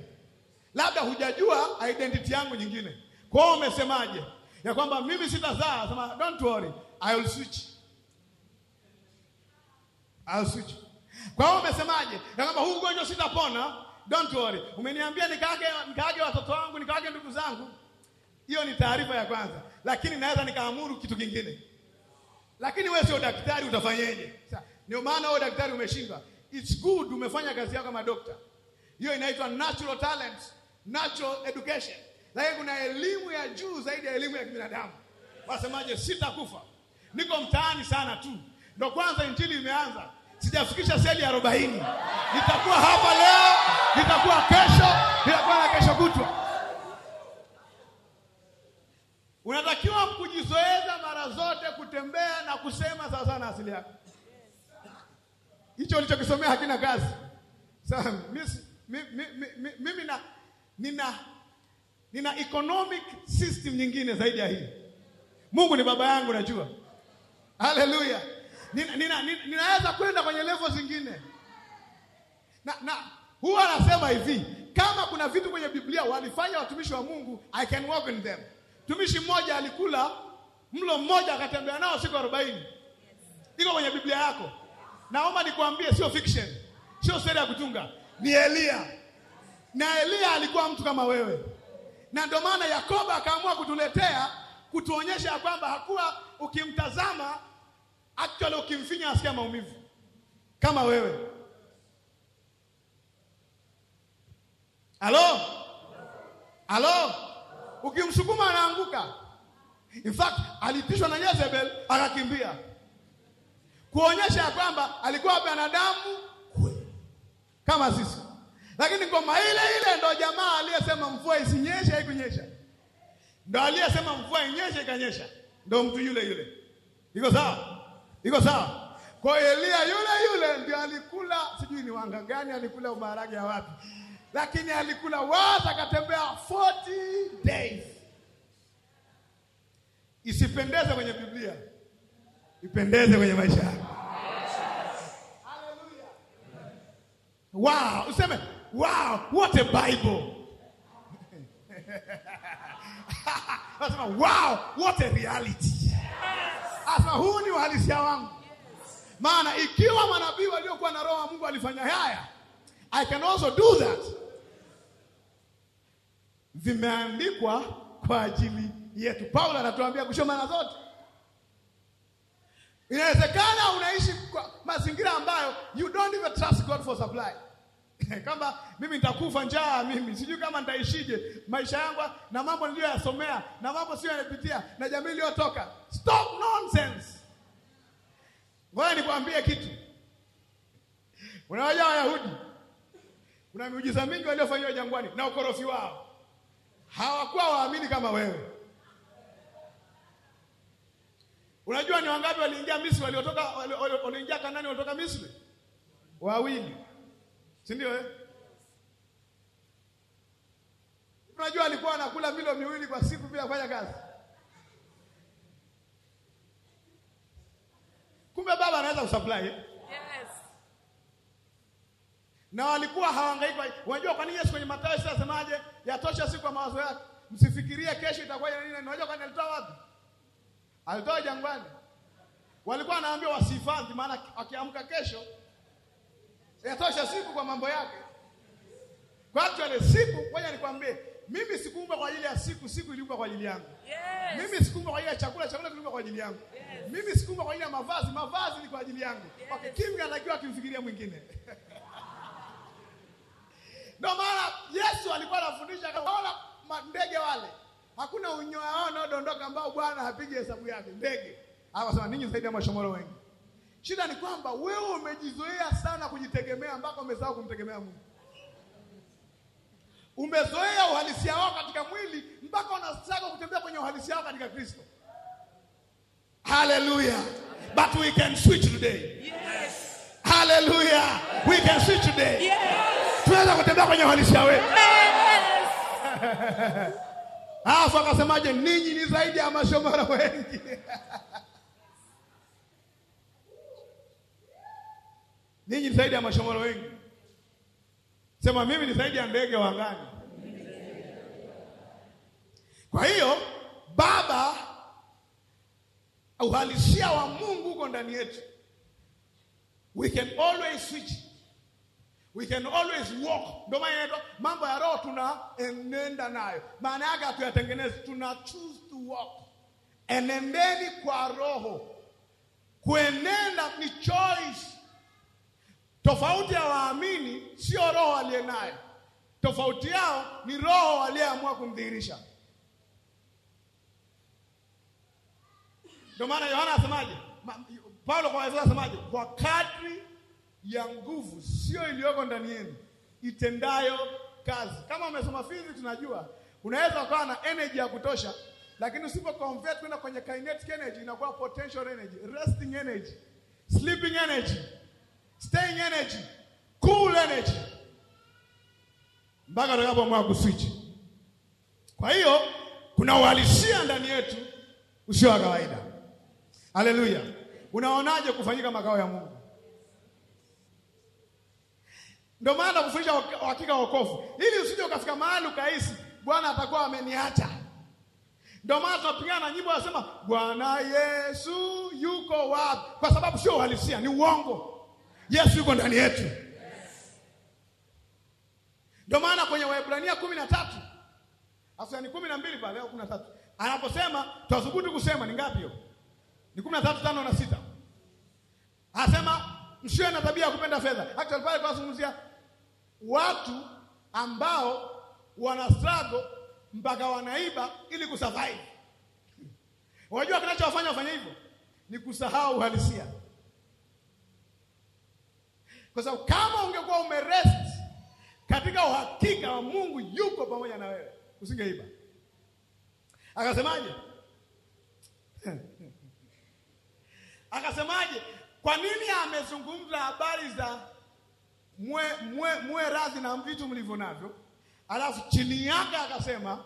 labda hujajua identity yangu nyingine. Kwa hiyo umesemaje ya kwamba mimi sitazaa? Sema don't worry, I will switch, I'll switch. Kwa hiyo umesemaje ya kwamba huu ugonjwa sitapona? Don't worry, umeniambia nikaage, nikaage watoto wangu, nikaage ndugu zangu hiyo ni taarifa ya kwanza, lakini naweza nikaamuru kitu kingine, lakini wewe sio daktari, utafanyeje? Sasa ndio maana wewe daktari umeshindwa. It's good umefanya kazi yako kama dokta, hiyo inaitwa natural talent, natural education, lakini kuna elimu ya juu zaidi ya elimu ya kibinadamu. Wasemaje? Sitakufa, niko mtaani sana tu, ndo kwanza injili imeanza, sijafikisha seli arobaini. Nitakuwa hapa leo, nitakuwa kesho, nitakuwa na kesho kutwa Unatakiwa kujizoeza mara zote kutembea na kusema sawasawa na asili yako. Hicho ulichokisomea hakina kazi. Sasa mimi na nina nina economic system nyingine zaidi ya hii. Mungu ni baba yangu, najua. Haleluya! Nina, nina, ninaweza kwenda kwenye level zingine na, na huwa anasema hivi, kama kuna vitu kwenye Biblia walifanya watumishi wa Mungu, I can walk in them Mtumishi mmoja alikula mlo mmoja akatembea nao siku arobaini. Iko kwenye Biblia yako. Naomba nikuambie, sio fiction, sio seri ya kutunga, ni Elia. Na Elia alikuwa mtu kama wewe, na ndio maana Yakobo akaamua kutuletea kutuonyesha ya kwamba hakuwa, ukimtazama actually, ukimfinya asikia maumivu kama wewe. Halo, halo ukimsukuma anaanguka. In fact alitishwa na Jezebel akakimbia, kuonyesha ya kwamba alikuwa binadamu kama sisi, lakini ngoma ile ile ndo jamaa aliyesema mvua isinyeshe, haikunyesha. Ndo aliyesema mvua inyeshe, ikanyesha. Ndo mtu yule yule. Iko sawa? Iko sawa? Kwa Elia yule yule ndio alikula, sijui ni wanga gani alikula, ubarage ya wapi lakini alikula wata, akatembea 40 days. Isipendeze kwenye Biblia, ipendeze kwenye maisha yako. Wow, useme wow, what a Bible Asema wow, what a reality. Asema huu ni uhalisia wangu. Maana ikiwa manabii waliokuwa na roho wa Mungu alifanya haya, I can also do that vimeandikwa kwa ajili yetu. Paulo anatuambia kusoma mara zote. Inawezekana unaishi kwa mazingira ambayo you don't even trust God for supply. Kama mimi nitakufa njaa, mimi sijui kama nitaishije maisha yangu na mambo niliyoyasomea na mambo sio yanapitia na jamii iliyotoka. Stop nonsense. Ngoja nikwambie kitu. Unawajua Wayahudi kuna miujiza mingi waliofanywa jangwani na ukorofi wao hawakuwa waamini kama wewe. Unajua ni wangapi waliingia Misri waliotoka waliingia Kanani walitoka Misri? Wawili. Si ndio eh? Unajua alikuwa anakula milo miwili kwa siku bila kufanya kazi. Kumbe baba anaweza kusupply. Eh? Yes na walikuwa hawangaiki. Unajua kwa nini Yesu kwenye Mathayo sasa asemaje? Yatosha siku kwa mawazo yake. Msifikirie kesho itakuwa nini. Unajua kwa nini alitoa wapi? Alitoa jangwani. Walikuwa anaambiwa wasihifadhi, maana akiamka kesho yatosha siku kwa mambo yake. Kwa actually siku, ngoja nikwambie, mimi sikuumba kwa ajili ya siku, siku iliumba kwa ajili yangu. Yes. Mimi sikuumba kwa ajili ya chakula, chakula kiliumba kwa ajili yangu. Yes. Mimi sikuumba kwa ajili ya mavazi, mavazi ni kwa ajili yangu. Yes. Okay, kimya anakiwa akimfikiria mwingine. Ndio maana Yesu alikuwa anafundisha kama wala ndege wale, hakuna unyoya wao unaodondoka ambao Bwana hapigi hesabu yake. Ndege akasema ninyi zaidi ya mashomoro wengi. Shida ni kwamba wewe umejizoea sana kujitegemea ambako umesahau kumtegemea Mungu. Umezoea uhalisia wao katika mwili mpaka unasaka kutembea kwenye uhalisia wao katika Kristo. Hallelujah. But we can switch today. Yes. Hallelujah. We can switch today. Yes unaweza kutembea kwenye uhalisia wewe. Halafu akasemaje? Ninyi ni zaidi ya mashomoro wengi. Ninyi ni zaidi ya mashomoro wengi. Sema mimi ni zaidi ya ndege wa angani. Kwa hiyo Baba, uhalisia wa Mungu uko ndani yetu. We can always switch We can always walk. Ndio maana mambo ya roho tunaenenda nayo, maana yake hatuyatengenezi, tuna choose to walk. Enendeni kwa roho. Kuenenda ni choice. Tofauti ya waamini sio roho aliye nayo, tofauti yao ni roho aliyeamua kumdhihirisha. Ndio maana Yohana asemaje? Paulo kwa Waefeso asemaje? kwa kadri ya nguvu, sio iliyoko ndani yenu, itendayo kazi. Kama umesoma fizi, tunajua unaweza ukawa na energy ya kutosha, lakini usipo convert kwenda kwenye kinetic energy, inakuwa potential energy, resting energy, sleeping energy, staying energy, cool energy, mpaka utakapoamua kuswitch. Kwa hiyo kuna uhalisia ndani yetu usio wa kawaida. Haleluya! Unaonaje kufanyika makao ya Mungu? Ndio maana nakufundisha uhakika wa wokovu, ili usije ukafika mahali ukahisi Bwana atakuwa ameniacha. Ndio maana tunapigana na nyimbo anasema Bwana Yesu yuko wapi, kwa sababu sio uhalisia, ni uongo. Yesu yuko ndani yetu, Ndio maana kwenye Waebrania kumi na tatu asa ni kumi na mbili pale au kumi na tatu anaposema twathubutu kusema, ni ngapi hiyo? Ni kumi na tatu tano na sita anasema msiwe na tabia ya kupenda fedha. Actually pale kwa tunazungumzia watu ambao wana struggle mpaka wanaiba ili kusurvive. Wajua kinachowafanya wafanye hivyo ni kusahau uhalisia, kwa sababu kama ungekuwa umerest katika uhakika wa Mungu yuko pamoja na wewe usingeiba. Akasemaje? Akasemaje? Kwa nini amezungumza habari za mwe, mwe, mwe radhi na vitu mlivyo navyo, alafu chini yake akasema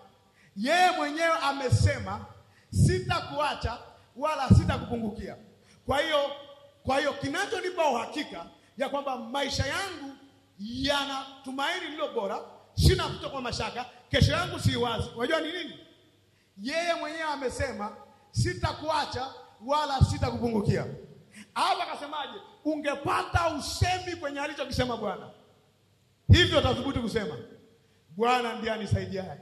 yeye mwenyewe amesema sitakuacha wala sitakupungukia. Kwa hiyo kwa hiyo kinachonipa uhakika ya kwamba maisha yangu yana tumaini lilo bora, sina kutokwa mashaka, kesho yangu si wazi. Unajua ni nini? Yeye mwenyewe amesema sitakuacha wala sitakupungukia. Hapo akasemaje? ungepata usemi kwenye alichokisema Bwana. Hivyo utathubutu kusema Bwana ndiye anisaidiaye,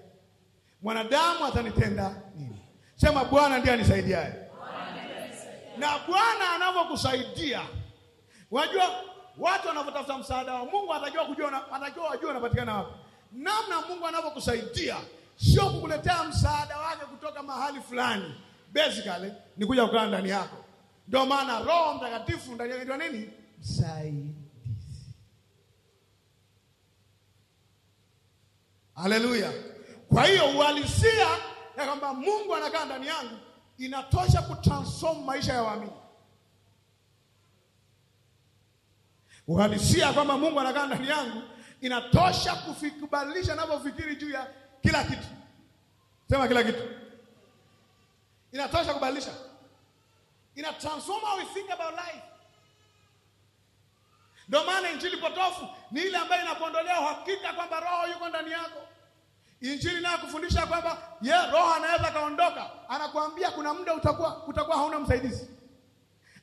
mwanadamu atanitenda nini? Sema Bwana ndiye anisaidiaye. Na Bwana anavyokusaidia, unajua watu wanavyotafuta msaada wa Mungu, anatakiwa kujua, anatakiwa wajua anapatikana wapi. Namna Mungu anavyokusaidia sio kukuletea msaada wake kutoka mahali fulani, basically ni kuja kukaa ndani yako ndio maana Roho Mtakatifu ndani yake nini? Msaidizi. Haleluya! Kwa hiyo uhalisia ya kwamba Mungu anakaa ndani yangu inatosha kutransform maisha ya waamini. Uhalisia kwamba Mungu anakaa ndani yangu inatosha kubadilisha navyofikiri juu ya kila kitu. Sema kila kitu inatosha kubadilisha ina transform how we think about life. Ndio maana injili potofu ni ile ambayo inakuondolea uhakika kwamba roho yuko ndani yako. Injili kufundisha kwamba ye yeah, roho anaweza kaondoka, anakuambia kuna muda utakuwa utakuwa hauna msaidizi.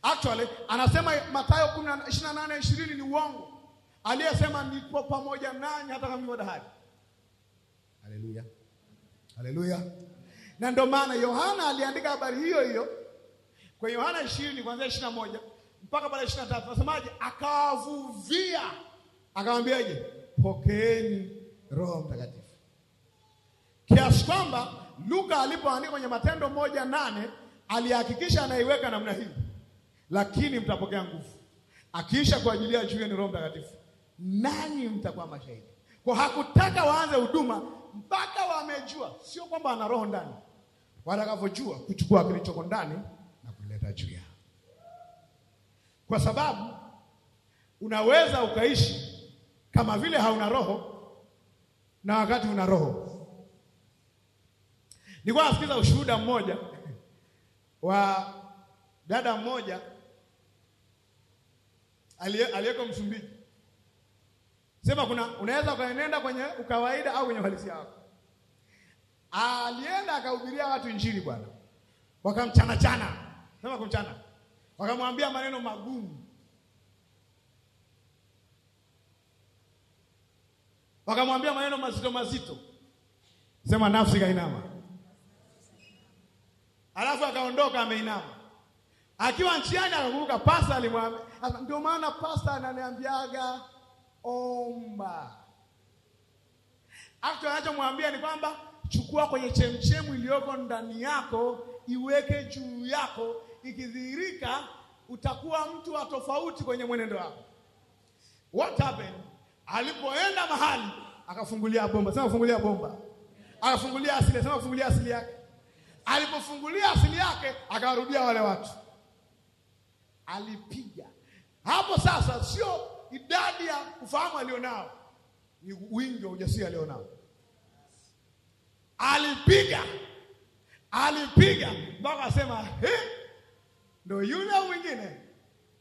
Actually anasema Mathayo 28:20 ni uongo. Aliyesema niko pamoja nanyi hata kama mimi dahari. Haleluya. Haleluya. Na ndio maana Yohana aliandika habari hiyo hiyo kwa Yohana 20 kuanzia 21 mpaka pale 23 nasemaje? Akawavuvia, akamwambiaje? Pokeeni Roho Mtakatifu. Kiasi kwamba Luka alipoandika kwenye Matendo moja nane alihakikisha anaiweka namna hii, lakini mtapokea nguvu akiisha kuajilia juu yenu Roho Mtakatifu, nanyi mtakuwa mashahidi. Kwa hakutaka waanze huduma mpaka wamejua, sio kwamba ana roho ndani, watakavyojua kuchukua kilichoko ndani yataenda juu yao, kwa sababu unaweza ukaishi kama vile hauna roho na wakati una roho. Nilikuwa nasikiza ushuhuda mmoja wa dada mmoja aliyeko Msumbiji, sema kuna unaweza ukaenenda kwenye ukawaida au kwenye uhalisia wako. Alienda akahubiria watu Injili bwana, wakamchanachana Sema kumchana. Wakamwambia maneno magumu. Wakamwambia maneno mazito mazito. Sema nafsi kainama. Alafu akaondoka ameinama. Akiwa njiani akakumbuka pasta alimwambia, ndio maana pasta ananiambiaga omba. Hata anachomwambia ni kwamba chukua kwenye chemchemu iliyoko ndani yako, iweke juu yako ikidhihirika, utakuwa mtu wa tofauti kwenye mwenendo wako. What happened? Alipoenda mahali akafungulia bomba, sema kufungulia bomba, akafungulia asili, sema kufungulia asili yake. Alipofungulia asili yake, akawarudia wale watu, alipiga hapo. Sasa sio idadi ya ufahamu alionao, ni wingi wa ujasiri alionao. Alipiga alipiga mpaka asema hey! ndo yule au mwingine?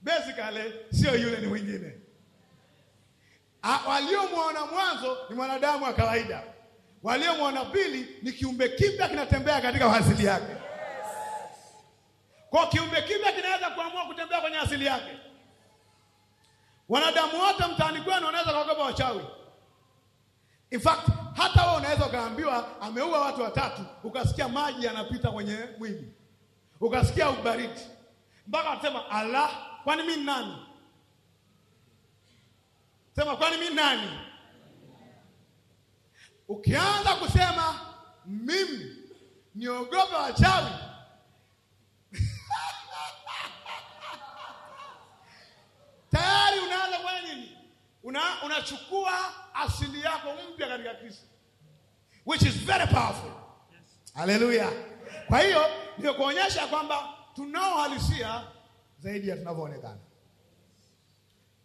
Basically sio yule, ni mwingine. Waliomwona mwanzo ni mwanadamu wa kawaida, waliomwona pili ni kiumbe kipya kinatembea katika asili yake. Kwa kiumbe kipya kinaweza kuamua kutembea kwenye asili yake. Wanadamu wote mtaani kwenu wanaweza kuogopa wachawi. In fact, hata wewe unaweza ukaambiwa ameua watu watatu, ukasikia maji yanapita kwenye mwili, ukasikia ubaridi mpaka atasema Allah, kwani mi nani? Sema, kwani mi nani? Ukianza kusema mimi niogopa wachawi tayari unaanza kwa nini? Una, unachukua asili yako mpya katika Kristo which is very powerful. Yes. Haleluya. Kwa hiyo ndio kuonyesha kwamba tunaohalisia zaidi ya tunavyoonekana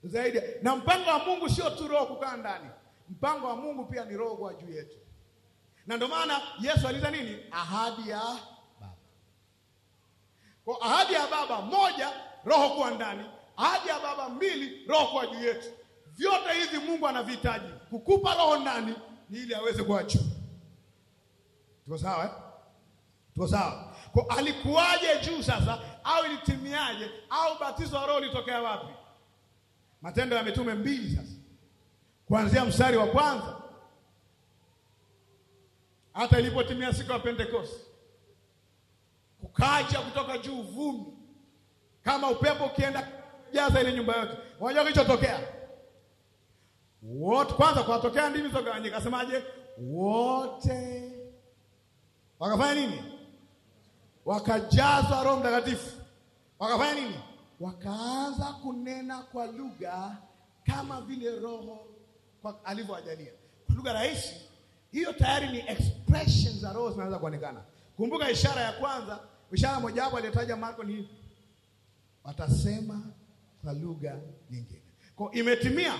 zaidi. Na mpango wa Mungu sio tu roho kukaa ndani, mpango wa Mungu pia ni roho kwa juu yetu, na ndio maana Yesu aliza nini? Ahadi ya Baba. Kwa ahadi ya Baba, moja, roho kuwa ndani; ahadi ya Baba, mbili, roho kwa juu yetu. Vyote hivi Mungu anavihitaji kukupa roho ndani, ni ili aweze kuacha. Tuko sawa eh? Tuko sawa kwa alikuwaje juu sasa, au ilitimiaje, au batizo wa roho litokea wapi? Matendo ya Mitume mbili sasa, kuanzia mstari wa kwanza hata ilipotimia siku ya Pentekoste, kukaja kutoka juu vumi kama upepo ukienda jaza ile nyumba yote. Unajua kilichotokea wote, kwanza kuwatokea ndimi zogawanyika, asemaje? Wote wakafanya nini? wakajazwa Roho Mtakatifu, wakafanya nini? Wakaanza kunena kwa lugha kama vile Roho alivyowajalia. Lugha rahisi hiyo, tayari ni expression za Roho zinaweza kuonekana. Kumbuka ishara ya kwanza, ishara mojawapo aliyotaja Marko ni watasema kwa lugha nyingine. Kwa imetimia,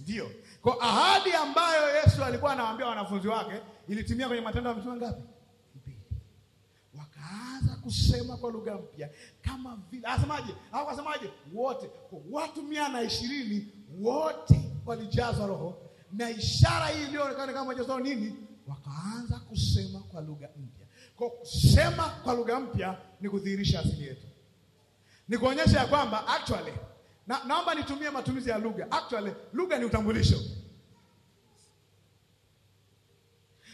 ndio kwa ahadi ambayo Yesu alikuwa anawaambia wanafunzi wake, ilitimia kwenye Matendo ya Mitume ngapi? Aanza kusema kwa lugha mpya kama vile asemaje, au asemaje, wote kwa watu mia na ishirini wote walijazwa Roho na ishara hii iliyoonekana kama jazo nini, wakaanza kusema kwa lugha mpya. Kwa kusema kwa lugha mpya ni kudhihirisha asili yetu, ni kuonyesha ya kwamba actually na, naomba nitumie matumizi ya lugha. Actually lugha ni utambulisho.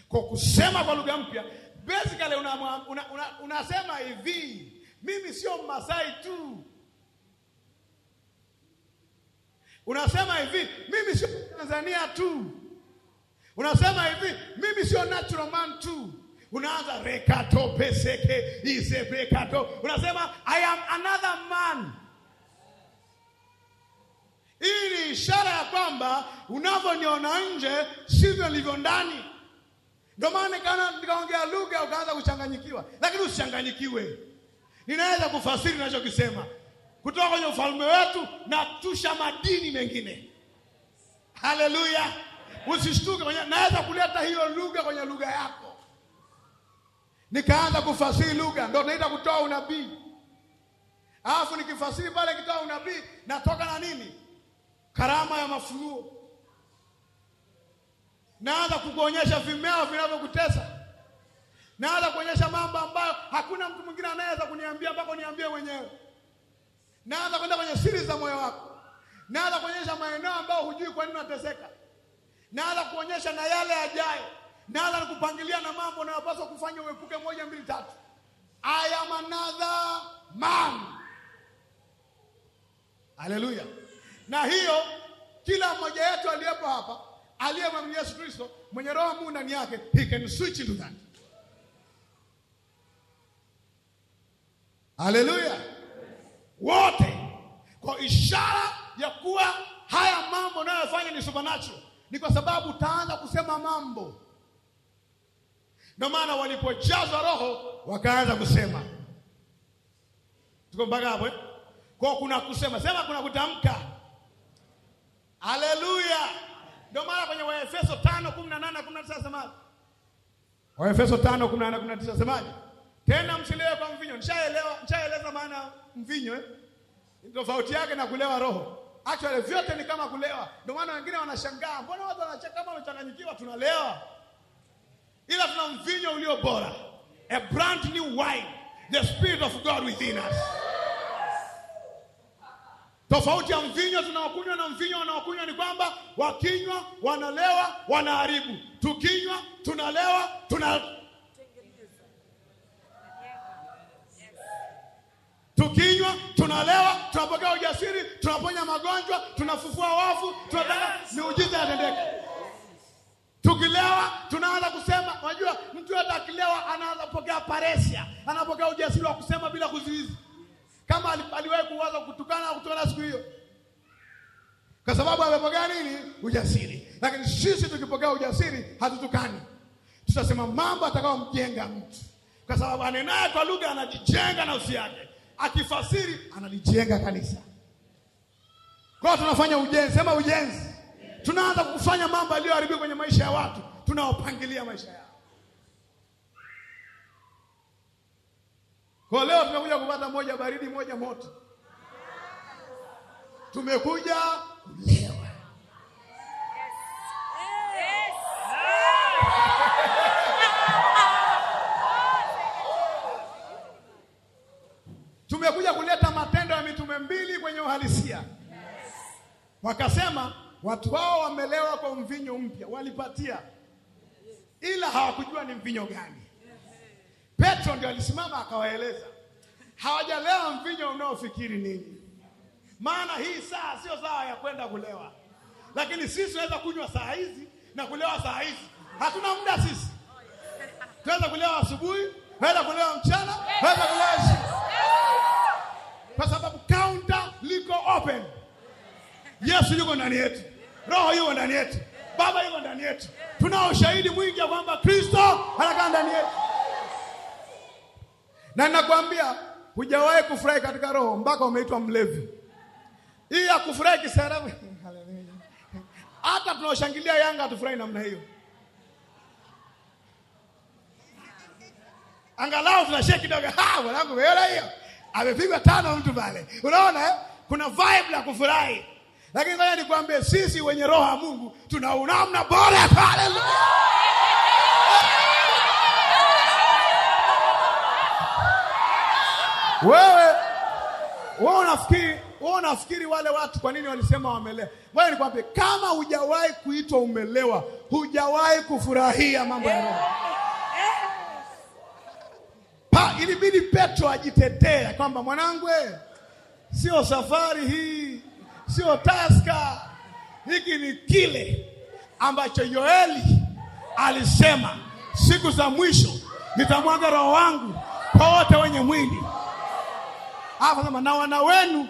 Kwa kusema kwa lugha mpya Basically unasema una, una, una hivi, mimi sio masai tu. Unasema hivi, mimi sio Tanzania tu. Unasema hivi, mimi sio natural man tu. Unaanza rekato peseke ise rekato. Unasema I am another man. Hii ni ishara ya kwamba unavyoniona nje sivyo nilivyo ndani. Ndio maana nikaongea lugha ukaanza kuchanganyikiwa, lakini usichanganyikiwe. Ninaweza kufasiri ninachokisema kutoka kwenye ufalme wetu na tusha madini mengine. Haleluya! Usishtuke, naweza kuleta hiyo lugha kwenye lugha yako. Nikaanza kufasiri lugha, ndio naita kutoa unabii. Alafu nikifasiri pale kitoa unabii, natoka na nini? Karama ya mafunuo naanza kukuonyesha vimeo vinavyokutesa, naanza kuonyesha mambo ambayo hakuna mtu mwingine anayeweza kuniambia mpaka niambie mwenyewe. Naanza kwenda kwenye siri za moyo wako, naanza kuonyesha maeneo ambayo hujui kwa nini unateseka, naanza kuonyesha na yale ajayo naanza kupangilia na mambo unayopaswa kufanya uepuke, moja, mbili, tatu. I am another man. Haleluya! Na hiyo kila mmoja wetu aliyepo hapa aliyemwamini Yesu Kristo mwenye roho Mungu ndani yake, he can switch into that. Haleluya, wote kwa ishara ya kuwa haya mambo unayofanya ni supernatural, ni kwa sababu utaanza kusema mambo. Ndio maana walipojazwa Roho wakaanza kusema. Tuko mpaka hapo eh? Kwa kuna kusema sema, kuna kutamka. Haleluya. Ndio maana kwenye Waefeso 5:18:19, semaje? Waefeso 5:18:19 semaje? Tena msilewe kwa mvinyo. Nishaelewa, nishaeleza maana mvinyo eh? Tofauti yake na kulewa roho. Actually vyote ni kama kulewa. Ndio maana wengine wanashangaa, mbona watu wanacheka kama wamechanganyikiwa tunalewa? Ila tuna mvinyo ulio bora. A brand new wine, the spirit of God within us. Tofauti ya mvinyo tunaokunywa na mvinyo wanaokunywa ni kwamba wakinywa wanalewa, wanaharibu. Tukinywa tunalewa, tuna tukinywa tunalewa, tunapokea ujasiri, tunaponya magonjwa, tunafufua wafu, tunataka miujiza yatendeke. Tukilewa tunaanza kusema, unajua mtu yote akilewa anaanza kupokea paresia, anapokea ujasiri wa kusema bila kuzuizi kama aliwahi kuwaza kutukana na kutukana siku hiyo, kwa sababu amepokea nini? Ujasiri. Lakini sisi tukipokea ujasiri hatutukani, tutasema mambo atakayomjenga mtu, kwa sababu anenaye kwa lugha anajijenga nafsi yake, akifasiri analijenga kanisa. Kwa hiyo tunafanya ujenzi, sema ujenzi, tunaanza kufanya mambo yaliyoharibika kwenye maisha ya watu, tunaopangilia maisha yao. Kwa leo tumekuja kupata moja baridi, moja moto, tumekuja kulewa. Tumekuja kuleta matendo ya mitume mbili kwenye uhalisia. Yes. Wakasema watu wao wamelewa kwa mvinyo mpya, walipatia, ila hawakujua ni mvinyo gani. Petro ndio alisimama akawaeleza, hawajalewa mvinyo unaofikiri ninyi, maana hii saa sio saa ya kwenda kulewa. Lakini sisi tunaweza kunywa saa hizi na kulewa saa hizi, hatuna muda sisi. Tunaweza kulewa asubuhi, tunaweza kulewa mchana, tunaweza kulewa kwa sababu kaunta liko open. Yesu yuko ndani yetu, Roho yuko ndani yetu, Baba yuko ndani yetu. Tunao ushahidi mwingi ya kwamba Kristo anakaa ndani yetu na nakwambia hujawahi kufurahi katika roho mpaka umeitwa mlevi. Hii ya kufurahi kistaarabu, hata tunaoshangilia Yanga hatufurahi namna hiyo, angalau tunasheki kidogo. Mwanangu umeona hiyo, amepigwa tano mtu pale, unaona eh? Kuna vibe la kufurahi, lakini ngoja nikwambie, sisi wenye roho ya Mungu tuna namna bora. Haleluya! Wewe wewe unafikiri wewe unafikiri wale watu kwa nini walisema wamelewa? Wewe nikwambie, kama hujawahi kuitwa umelewa, hujawahi kufurahia mambo ya Roho. Pa, ilibidi Petro ajitetee kwamba mwanangu, sio safari hii, sio taska, hiki ni kile ambacho Yoeli alisema, siku za mwisho nitamwaga roho wangu kwa wote wenye mwili. Akasema na wana wenu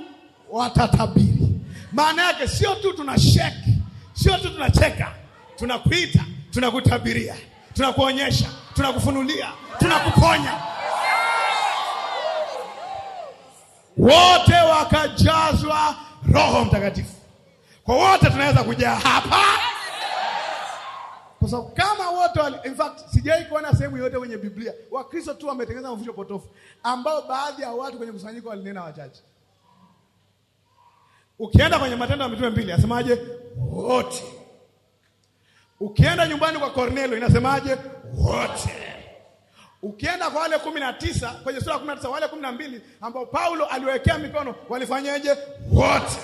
watatabiri. Maana yake sio tu tunasheki, sio tu tunacheka, tunakuita, tunakutabiria, tunakuonyesha, tunakufunulia, tunakuponya. Wote wakajazwa Roho Mtakatifu. Kwa wote tunaweza kujaa hapa. Kwa sababu kama wote wali, in fact sijai kuona sehemu yote kwenye Biblia Wakristo tu wametengeneza mafundisho potofu ambao baadhi ya watu kwenye kusanyiko walinena wachache. Ukienda kwenye Matendo ya Mitume mbili asemaje? Wote. Ukienda nyumbani kwa Kornelio inasemaje? Wote. Ukienda kwa wale kumi na tisa kwenye sura ya kumi na tisa wale kumi na mbili ambao Paulo aliwekea mikono walifanyeje? Wote.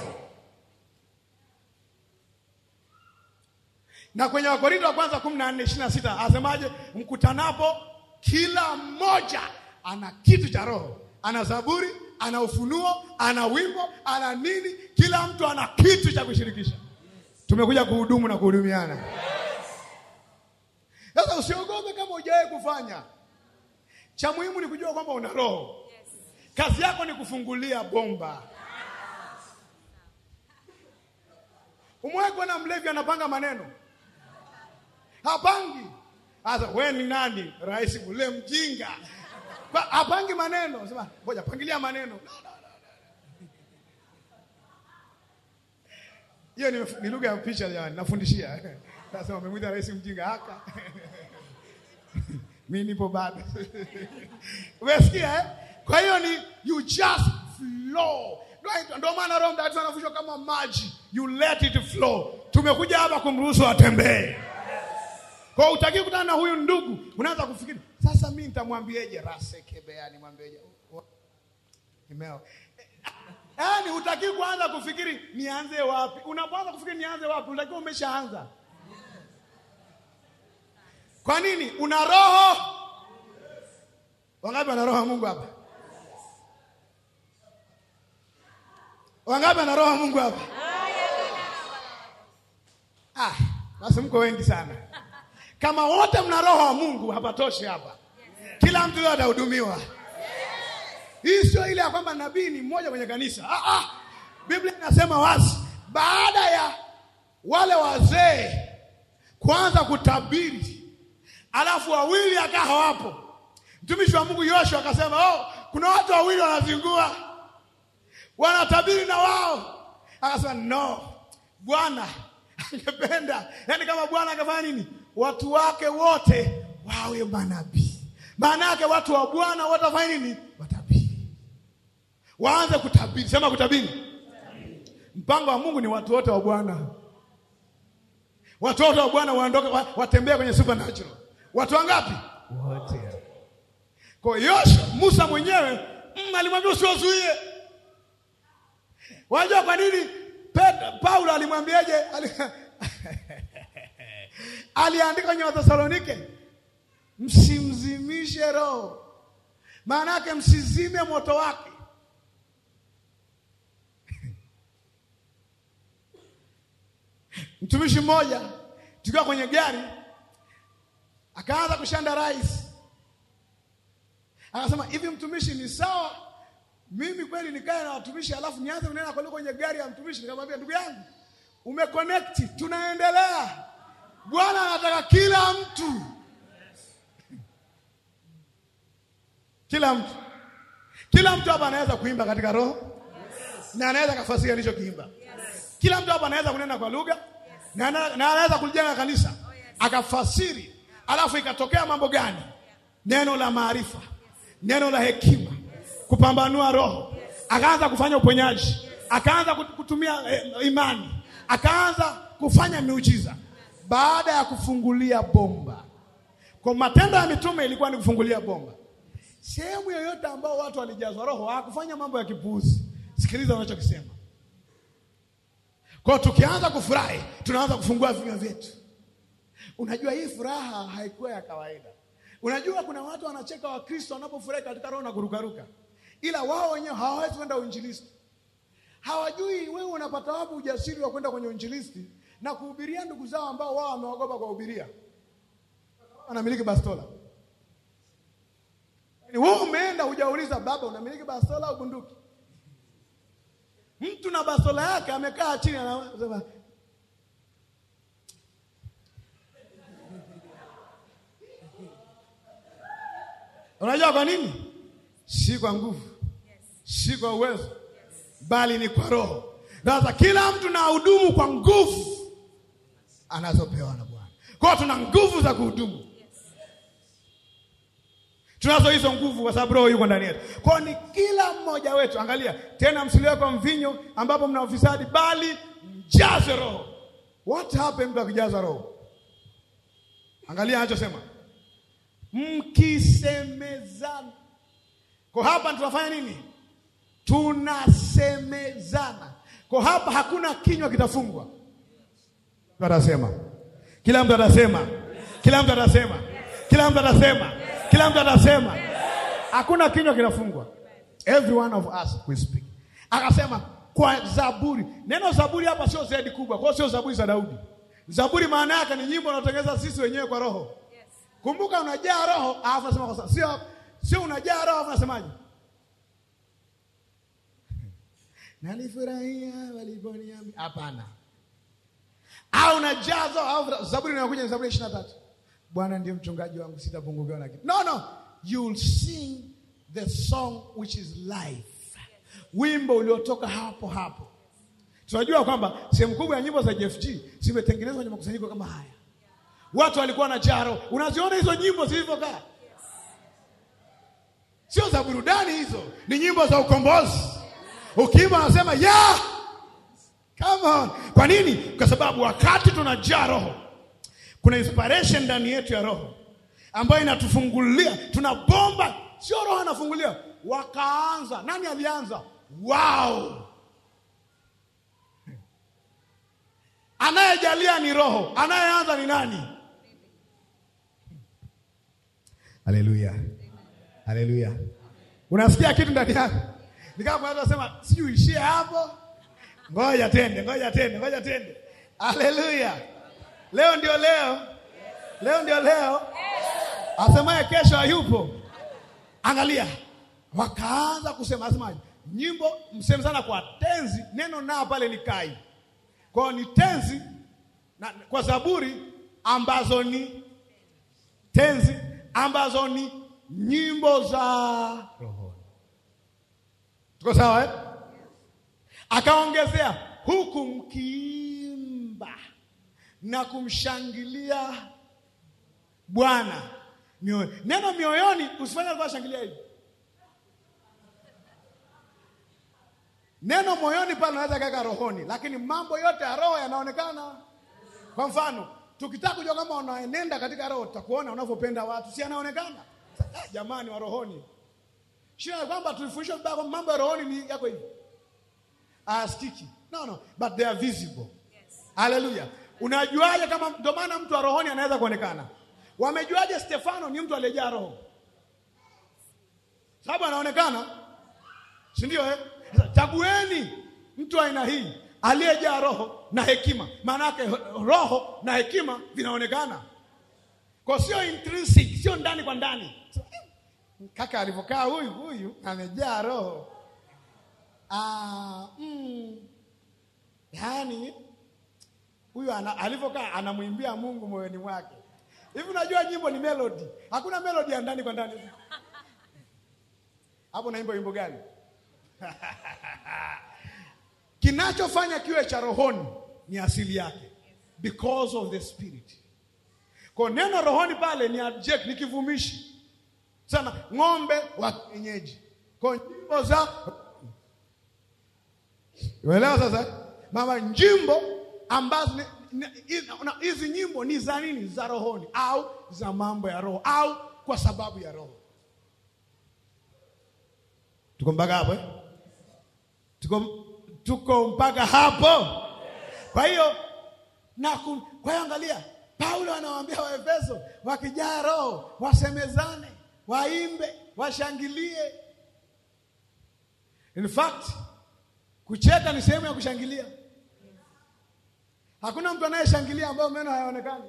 na kwenye Wakorinto wa kwanza kumi na nne sita asemaje? Mkutanapo kila mmoja ana kitu cha roho, ana zaburi, ana ufunuo, ana wimbo, ana nini. Kila mtu ana kitu cha kushirikisha. Tumekuja kuhudumu na kuhudumiana. Sasa usiogope kama hujawahi kufanya. Cha muhimu ni kujua kwamba una roho. Kazi yako ni kufungulia bomba. Umewekwa na mlevi anapanga maneno hapangi. Sasa wewe ni nani? Rais ule mjinga hapangi maneno, sema ngoja pangilia maneno. Hiyo No, no, no, hiyo no. Ni lugha ya picha jamani, nafundishia sasa. Wamemwita rais mjinga haka mi nipo bado umesikia eh? Kwa hiyo ni you just flow ndio maana Roho Mtakatifu anafushwa kama maji, you let it flow. Tumekuja hapa kumruhusu atembee. Kwa utaki kutana na huyu ndugu, unaanza kufikiri sasa mimi nitamwambieje rasekebeani mwambieje? Imeo. Yaani hutaki kuanza kufikiri nianze wapi? Unapoanza kufikiri nianze wapi, unatakiwa umeshaanza. Kwa nini? Una roho. Wangapi wana roho ya Mungu hapa? Wangapi wana roho ya Mungu hapa? Ah, basi mko wengi sana. Kama wote mna roho wa Mungu hapatoshi hapa, kila mtu leo atahudumiwa. Hii sio ile ya kwamba nabii ni mmoja kwenye kanisa. Ah, ah. Biblia inasema wazi, baada ya wale wazee kuanza kutabiri, alafu wawili akaa hawapo, mtumishi wa Mungu Yoshua akasema, oh, kuna watu wawili wanazingua, wanatabiri na wao. Akasema no, Bwana angependa, yani kama Bwana angefanya nini watu wake wote wawe manabii. Maana yake watu wa Bwana watafanya nini? Watabiri, waanze kutabiri. Sema kutabiri. Mpango wa Mungu ni watu wote wa Bwana, watu wote wa Bwana waondoke, watembee kwenye supernatural. Watu wangapi? Wote. Kwa Yoshua, Musa mwenyewe mm, alimwambia usiwazuie. Wajua kwa nini Paulo alimwambiaje? aliandika kwenye Wathesalonike, msimzimishe roho, maana yake msizime moto wake. Mtumishi mmoja tukiwa kwenye gari akaanza kushanda rais, akasema hivi, mtumishi, ni sawa mimi kweli nikae na watumishi alafu nianze kunena kwenye gari ya mtumishi? Nikamwambia ndugu yangu, umeconnect, tunaendelea Bwana anataka kila mtu, kila mtu, kila mtu hapa anaweza kuimba katika roho yes. na anaweza kafasiria alichokiimba yes. Kila mtu hapa anaweza kunena kwa lugha yes. na, na, anaweza kulijenga kanisa oh, yes. akafasiri yeah. Alafu ikatokea mambo gani? yeah. Neno la maarifa yes. neno la hekima yes. kupambanua roho yes. akaanza kufanya uponyaji yes. akaanza kutumia eh, imani akaanza kufanya miujiza baada ya kufungulia bomba. Kwa matendo ya mitume ilikuwa ni kufungulia bomba. Sehemu yoyote ambao watu walijazwa roho hawakufanya mambo ya kipuuzi. Sikiliza anachokisema Kwa tukianza kufurahi, tunaanza kufungua vinywa vyetu. Unajua hii furaha haikuwa ya kawaida. Unajua kuna watu wanacheka Wakristo wanapofurahi katika roho na kurukaruka, ila wao wenyewe hawawezi kwenda uinjilisti. Hawajui wewe unapata wapi ujasiri wa kwenda kwenye uinjilisti na kuhubiria ndugu zao ambao wao wameogopa kuwahubiria, anamiliki bastola. Yaani wewe umeenda hujauliza baba, unamiliki bastola au bunduki? Mtu na bastola yake amekaa chini anasema Unajua kwa nini? Si kwa nguvu, si kwa uwezo, bali ni kwa Roho. Sasa kila mtu na hudumu kwa nguvu anazopewa na Bwana. Kwa hiyo tuna nguvu za kuhudumu, tunazo hizo nguvu kwa sababu Roho yuko ndani yetu. Kwa hiyo ni kila mmoja wetu, angalia tena, msiliwe kwa mvinyo ambapo mna ufisadi, bali mjaze Roho. What happened mtu akijaza Roho? Angalia anachosema, mkisemezana. Kwa hapa tunafanya nini? Tunasemezana. Kwa hapa hakuna kinywa kitafungwa mtu atasema, kila mtu atasema, kila mtu atasema, kila mtu atasema, kila mtu atasema. Hakuna kinywa kinafungwa, every one of us we speak. Akasema kwa Zaburi. Neno Zaburi hapa sio zaidi kubwa, kwa sio Zaburi za Daudi. Zaburi maana yake ni nyimbo unatengeneza sisi wenyewe kwa roho. Kumbuka unajaa roho, alafu unasema kwa sababu sio sio unajaa roho alafu unasemaje? Nalifurahia waliponiambia hapana au unajazwa au Zaburi inayokuja ni Zaburi ishirini na tatu Bwana ndiye mchungaji wangu, sitapungukiwa na kitu. No, no, you will sing the song which is life, wimbo uliotoka hapo hapo. Tunajua kwamba sehemu kubwa ya nyimbo za JFG zimetengenezwa kwenye makusanyiko kama haya. Watu walikuwa na charo, unaziona hizo nyimbo zilivyokaa, sio za burudani hizo, ni nyimbo za ukombozi. Ukiimba anasema ya Come on. Kwa nini? Kwa sababu wakati tunajaa roho, kuna inspiration ndani yetu ya roho ambayo inatufungulia, tunabomba. Sio roho anafungulia, wakaanza. Nani alianza? Wao. Anayejalia ni roho, anayeanza ni nani? Haleluya, haleluya! Unasikia kitu ndani yako, nikawa sema sijuishie hapo Ngoja tende, ngoja tende, ngoja tende. Haleluya! Leo ndio leo, leo ndio leo. Asemaye kesho hayupo. Angalia, wakaanza kusema, asemaje? Nyimbo mseme sana kwa tenzi, neno na pale ni kai, kwao ni tenzi na, kwa zaburi ambazo ni tenzi ambazo ni nyimbo za rohoni. Tuko sawa eh? Akaongezea, huku mkiimba na kumshangilia Bwana mioyo. Neno mioyoni usifanye alikuwa shangilia hivi, neno moyoni pale unaweza kaweka rohoni, lakini mambo yote ya roho yanaonekana. Kwa mfano, tukitaka kujua kama unaenenda katika roho, tutakuona unavyopenda watu, si yanaonekana. Jamani wa rohoni, shida kwamba tulifundishwa mambo ya rohoni ni yako hivi haasikiki. No, no, but they are visible. Yes. Haleluya. Unajuaje kama ndio maana mtu wa rohoni anaweza kuonekana? Wamejuaje Stefano ni mtu aliyejaa roho? Sababu anaonekana. Si ndio eh? Chagueni mtu aina hii aliyejaa roho na hekima. Maana yake roho na hekima vinaonekana. Kwa sio intrinsic, sio ndani kwa ndani. Hmm, kaka alivyokaa huyu huyu amejaa roho ah, mm, yaani huyu alivyokaa anamwimbia Mungu moyoni mwake hivi. Unajua nyimbo ni melody, hakuna melody ya ndani kwa ndani hapo. Naimba wimbo gani? Kinachofanya kiwe cha rohoni ni asili yake, because of the spirit. Kwa neno rohoni pale ni adject, ni kivumishi sana. Ng'ombe wa kienyeji kwa nyimbo za Umeelewa sasa? Mama njimbo ambazo hizi nyimbo ni za nini? Za rohoni au za mambo ya roho au kwa sababu ya roho. Tuko mpaka hapo eh? Tuko, tuko mpaka hapo. Kwa hiyo na kwa hiyo angalia, Paulo anawaambia Waefeso wakijaa roho wasemezane, waimbe, washangilie. In fact Kucheka ni sehemu ya kushangilia. Hakuna mtu anayeshangilia ambao meno hayaonekani.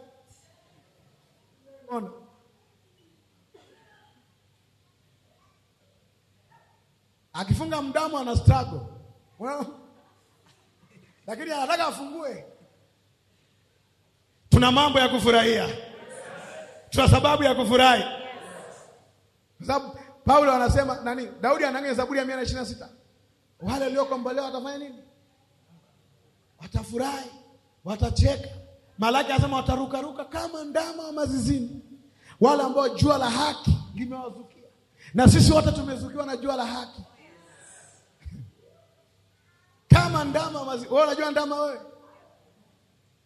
Ona, Akifunga mdomo ana struggle. Lakini anataka afungue. Tuna mambo ya kufurahia. Tuna sababu ya kufurahi. Kwa sababu Paulo anasema nani? Daudi anaangalia Zaburi ya sita wale waliokombolewa watafanya nini? Watafurahi, watacheka. Malaki anasema watarukaruka kama ndama wa mazizini, wale ambao jua la haki limewazukia. Na sisi wote tumezukiwa na jua la haki kama ndama wa mazizini. Wewe unajua ndama wewe?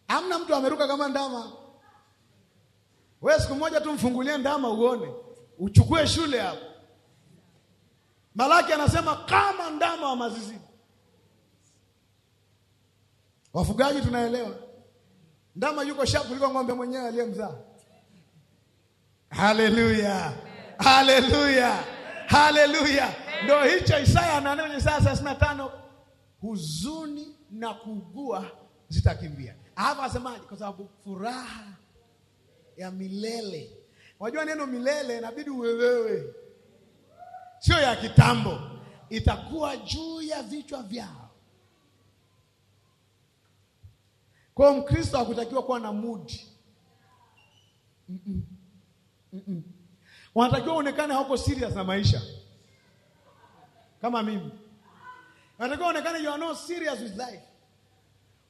Hamna mtu ameruka kama ndama. Wewe siku moja tu mfungulie ndama uone, uchukue shule hapo. Malaki anasema kama ndama wa mazizi. Wafugaji tunaelewa, ndama yuko shapu kuliko ng'ombe mwenyewe aliyemzaa. Haleluya, haleluya, haleluya! Ndio hicho Isaya ananena Isaya thelathini na tano, huzuni na kuugua zitakimbia. Hapa asemaje? Kwa sababu furaha ya milele. Wajua neno milele inabidi uelewe sio ya kitambo, itakuwa juu ya vichwa vyao. Kwa hiyo Mkristo hakutakiwa kuwa na mudi mm -mm. mm -mm. Wanatakiwa uonekane hauko serious na maisha kama mimi, wanatakiwa uonekane you are not serious with life.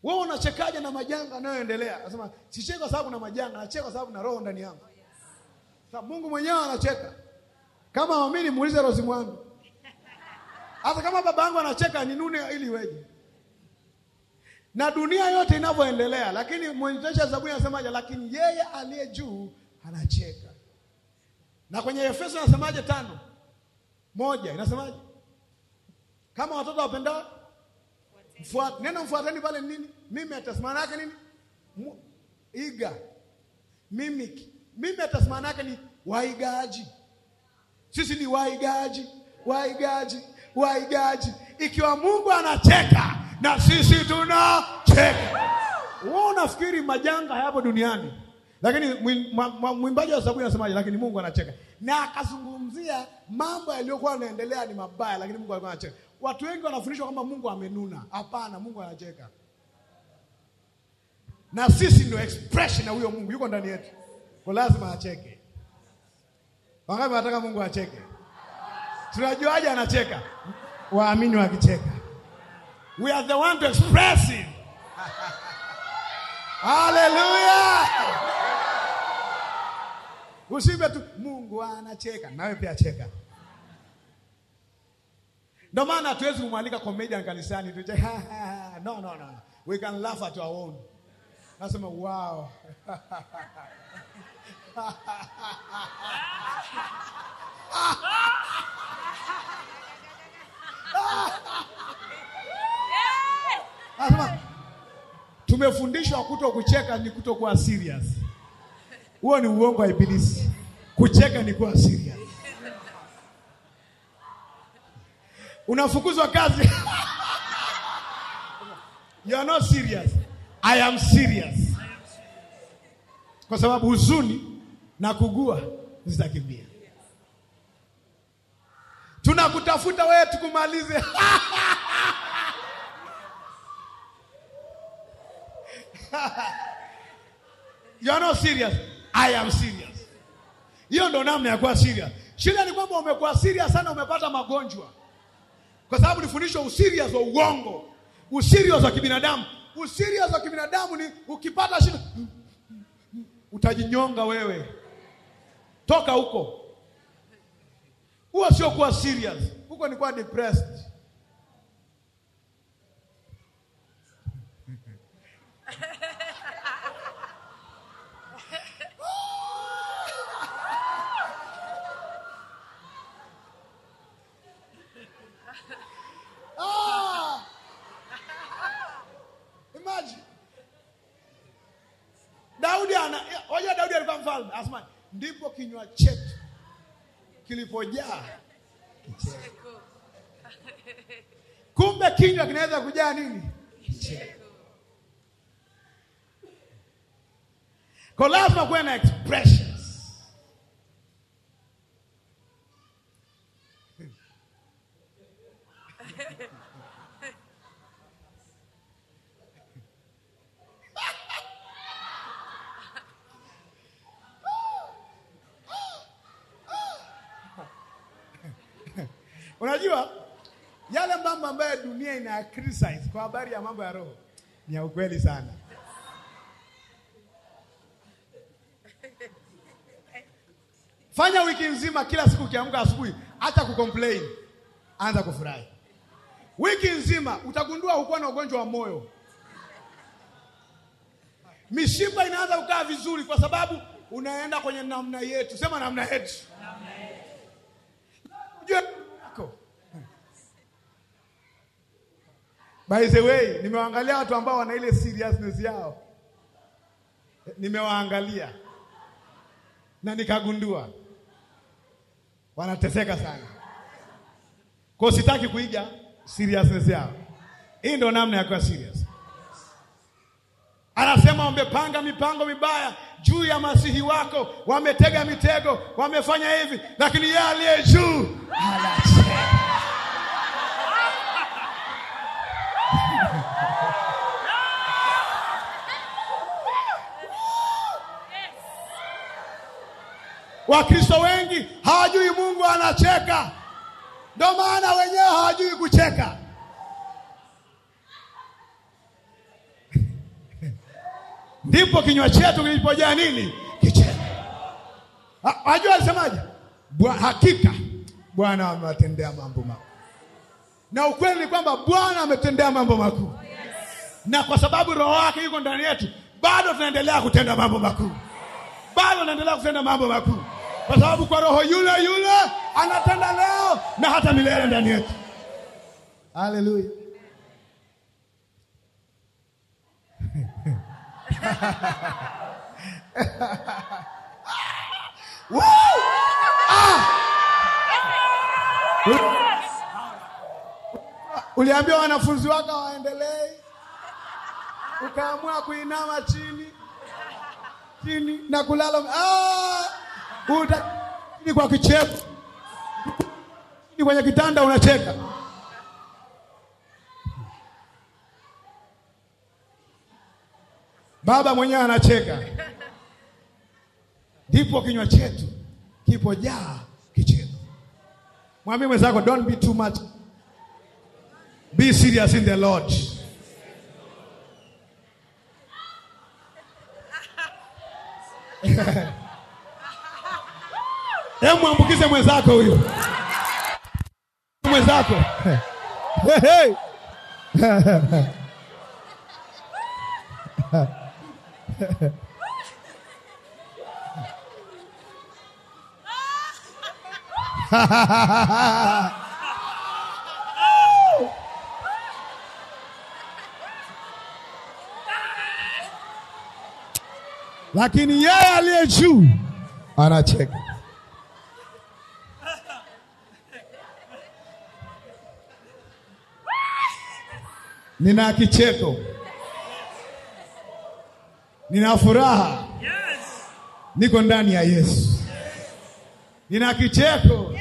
Wewe unachekaje na majanga yanayoendelea? Nasema sicheki kwa sababu na majanga, nacheka kwa sababu na roho ndani yangu. Sasa Mungu mwenyewe anacheka kama waamini muulize Rozi Mwami. Hata kama baba yangu anacheka ninune ili weje. Na dunia yote inavyoendelea, lakini mwendesha zaburi anasemaje? Lakini yeye aliye juu anacheka. Na kwenye Efeso anasemaje? tano moja inasemaje? Kama watoto wapenda mfuat, neno mfuateni pale nini? Mimi atasimana yake nini? Iga mimi, mimi atasimana yake ni waigaaji sisi ni waigaji, waigaji, waigaji. Ikiwa Mungu anacheka na sisi tunacheka. Wewe unafikiri majanga hayapo duniani, lakini mwimbaji wa Zaburi anasemaje? Lakini Mungu anacheka, na akazungumzia mambo yaliyokuwa yanaendelea ni mabaya, lakini Mungu alikuwa anacheka. Watu wengi wanafundishwa kwamba Mungu amenuna. Hapana, Mungu anacheka, na sisi ndio expression ya huyo Mungu, yuko ndani yetu, kwa lazima acheke. Wangapi wanataka Mungu acheke? Tunajuaje anacheka? Waamini wakicheka. We are the one to express him. Hallelujah. Usibe tu Mungu anacheka, nawe pia cheka. Ndio maana hatuwezi kumwalika comedian kanisani tu. No, no, no. We can laugh at our own. Nasema wow. Ah, ah. Ah. tumefundishwa kuto kucheka ni kuto kutokuwa serious. Huo ni uongo wa Ibilisi. Kucheka ni kuwa serious. Unafukuzwa kazi. You are not serious. I am serious. Kwa sababu huzuni na kugua zitakimbia. Tunakutafuta wewe tukumalize. You are not serious. I am serious. Hiyo ndo namna ya kuwa serious. Shida ni kwamba umekuwa serious sana, umepata magonjwa kwa sababu ulifundishwa userious wa uongo, userious wa kibinadamu. Userious wa kibinadamu ni ukipata shida utajinyonga wewe toka huko. Huo sio kuwa serious, huko ni kuwa depressed. Ah! Daudi ana hoja. Daudi alikuwa mfalme, Asmani ndipo kinywa chetu kilipojaa kicheko. Kumbe kinywa kinaweza kujaa nini? Kicheko. Kwa lazima kuwe na expression dunia ina criticize kwa habari ya mambo ya roho ni ya ukweli sana. Fanya wiki nzima, kila siku ukiamka asubuhi, hata kucomplain, anza kufurahi. Wiki nzima utagundua hukuwa na ugonjwa wa moyo. Mishipa inaanza kukaa vizuri, kwa sababu unaenda kwenye namna yetu. Sema namna yetu, namna yetu. By the way, nimewaangalia watu ambao wana ile seriousness yao, nimewaangalia na nikagundua wanateseka sana, kwa sitaki kuiga seriousness yao. Hii ndio namna ya kuwa serious. Anasema wamepanga mipango mibaya juu ya masihi wako, wametega mitego, wamefanya hivi, lakini yeye aliye juu anacheka Wakristo wengi hawajui Mungu anacheka, ndio maana wenyewe hawajui kucheka. Ndipo kinywa chetu kilipojaa nini? Kicheko. Wajua alisemaje? Hakika Bwana amewatendea mambo makuu, na ukweli ni kwamba Bwana ametendea mambo makuu, na kwa sababu Roho yake yuko ndani yetu, bado tunaendelea kutenda mambo makuu, bado tunaendelea kutenda mambo makuu kwa sababu kwa roho yule yule anatenda leo na hata milele ndani yetu. Haleluya! Ah! Uliambia wanafunzi wako waendelee, ukaamua kuinama chini chini na kulala ah! Utakiri kwa kicheko, ni kwenye kitanda unacheka. Baba mwenyewe anacheka, ndipo kinywa chetu kipo jaa kicheko. Mwambie mwenzako, don't be too much, be serious in the Lord. Yeah. Hebu mwambukize mwenzako huyo mwenzako hey, hey. Lakini yeye aliye juu anacheka. nina kicheko, nina furaha, niko ndani ya Yesu. Nina kicheko,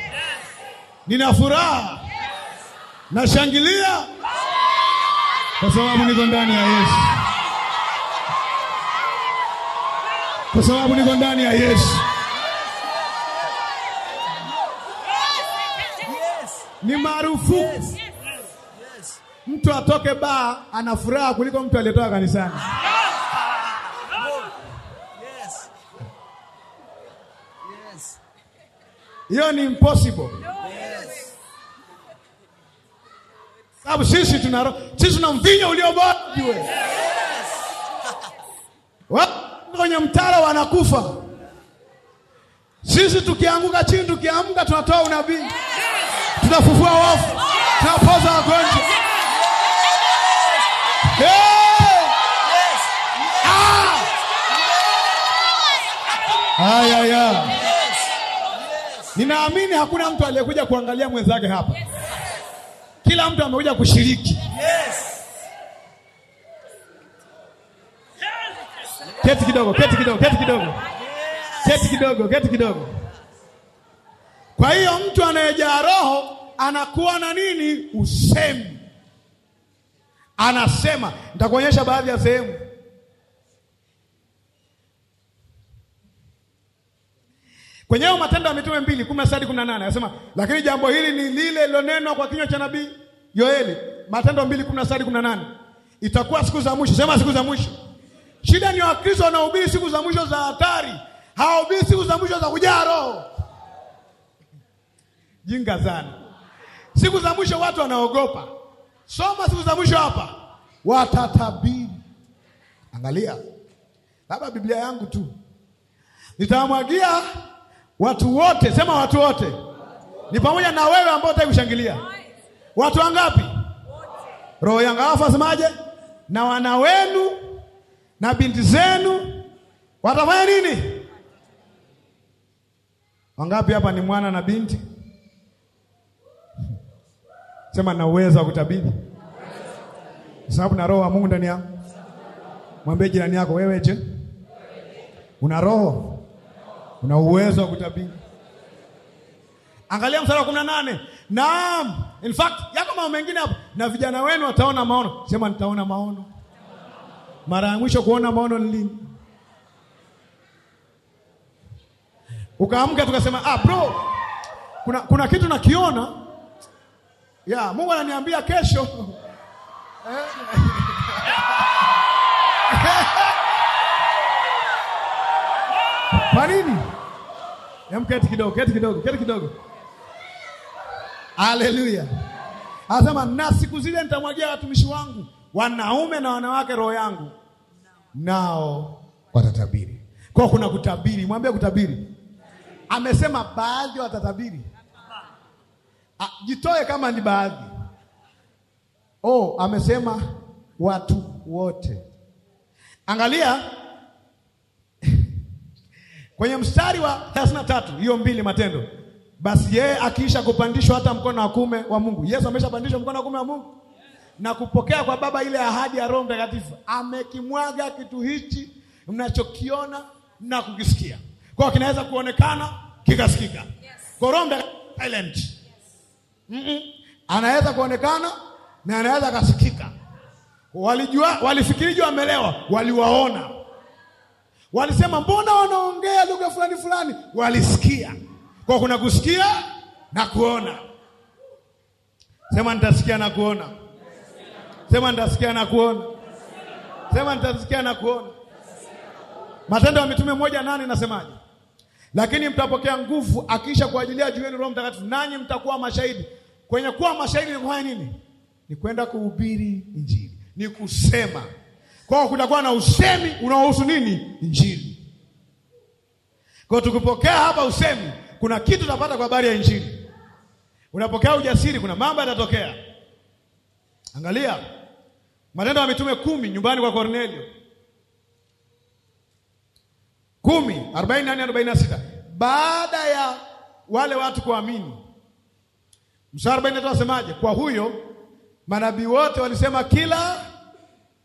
nina furaha, nashangilia kwa sababu niko ndani ya Yesu, kwa sababu niko ndani ya Yesu. Ni marufuku mtu atoke baa ana furaha kuliko mtu aliyetoka kanisani. Hiyo ni impossible. Yes. Sababu sisi tuna sisi tuna mvinyo ulio bora jue. Yes. kwenye mtaro wanakufa. Sisi tukianguka chini tukiamka tunatoa unabii. Yes. Tunafufua wafu. Yes. Tunapoza wagonjwa. Ninaamini hakuna mtu aliyekuja kuangalia mwenzake hapa. Kila mtu amekuja kushiriki. Keti kidogo, keti kidogo, keti kidogo. Keti kidogo, keti kidogo. Kwa hiyo mtu anayejaa roho anakuwa na nini? Usemi. Anasema nitakuonyesha baadhi ya sehemu. Kwenye hayo Matendo ya Mitume mbili kumi hadi kumi na nane anasema, lakini jambo hili ni lile lilonenwa kwa kinywa cha nabii Yoeli. Matendo mbili kumi hadi kumi na nane itakuwa siku za mwisho. Sema siku za mwisho. Shida ni Wakristo wanahubiri siku za mwisho za hatari, hawahubiri siku za mwisho za kujaa Roho. Jinga sana. Siku za mwisho watu wanaogopa Soma siku za mwisho hapa, watatabiri. Angalia labda Biblia yangu tu, nitamwagia watu wote. Sema watu wote, ni pamoja na wewe ambao utaki kushangilia. Watu wangapi? Roho yangu alafu asemaje? Na wana wenu na binti zenu watafanya nini? Wangapi hapa ni mwana na binti? Sema na uwezo wa kutabiri, sababu na roho wa Mungu ndani yako. Mwambie jirani yako, wewe je, una roho? Una uwezo wa kutabiri? Angalia mstari wa kumi na nane. Naam, in fact yako mambo mengine hapo, na vijana wenu wataona maono. Sema nitaona maono. Mara ya mwisho kuona maono ni lini? Ukaamka tukasema ah, bro, kuna, kuna kitu nakiona Yeah, Mungu ananiambia kesho Kwa nini? Keti kidogo, keti kidogo, keti kidogo. Haleluya. Anasema na siku zile nitamwagia watumishi wangu wanaume na wanawake roho yangu, nao watatabiri. Kwa kuna kutabiri, mwambie kutabiri. Amesema baadhi watatabiri. Ah, jitoe kama ni baadhi. Oh, amesema watu wote. Angalia kwenye mstari wa 33 hiyo mbili Matendo. Basi yeye akiisha kupandishwa hata mkono wa kume wa Mungu. Yesu ameshapandishwa mkono wa kume wa Mungu na kupokea kwa Baba ile ahadi ya Roho Mtakatifu, amekimwaga kitu hichi mnachokiona na kukisikia, kwa kinaweza kuonekana kikasikika, yes. kwa Roho Mtakatifu mm -mm. Anaweza kuonekana na anaweza akasikika. Walijua, walifikirije wamelewa? Waliwaona, walisema mbona wanaongea lugha fulani fulani? Walisikia. Kwa kuna kusikia na kuona. Sema nitasikia na kuona. Sema nitasikia na kuona. Sema nitasikia na kuona. Matendo ya Mitume moja nane nasemaje? lakini mtapokea nguvu akiisha kuajilia juu yenu Roho Mtakatifu, nanyi mtakuwa mashahidi. Kwenye kuwa mashahidi ni kufanya nini? Ni kwenda kuhubiri Injili, ni kusema. Kwa hiyo kutakuwa na usemi unaohusu nini? Injili. Kwa tukipokea hapa usemi, kuna kitu utapata kwa habari ya Injili. Unapokea ujasiri, kuna mambo yatatokea. Angalia Matendo ya Mitume kumi, nyumbani kwa Kornelio kumi arobaini nane arobaini na sita baada ya wale watu kuamini. Mstari arobaini tunasemaje? Kwa huyo manabii wote walisema kila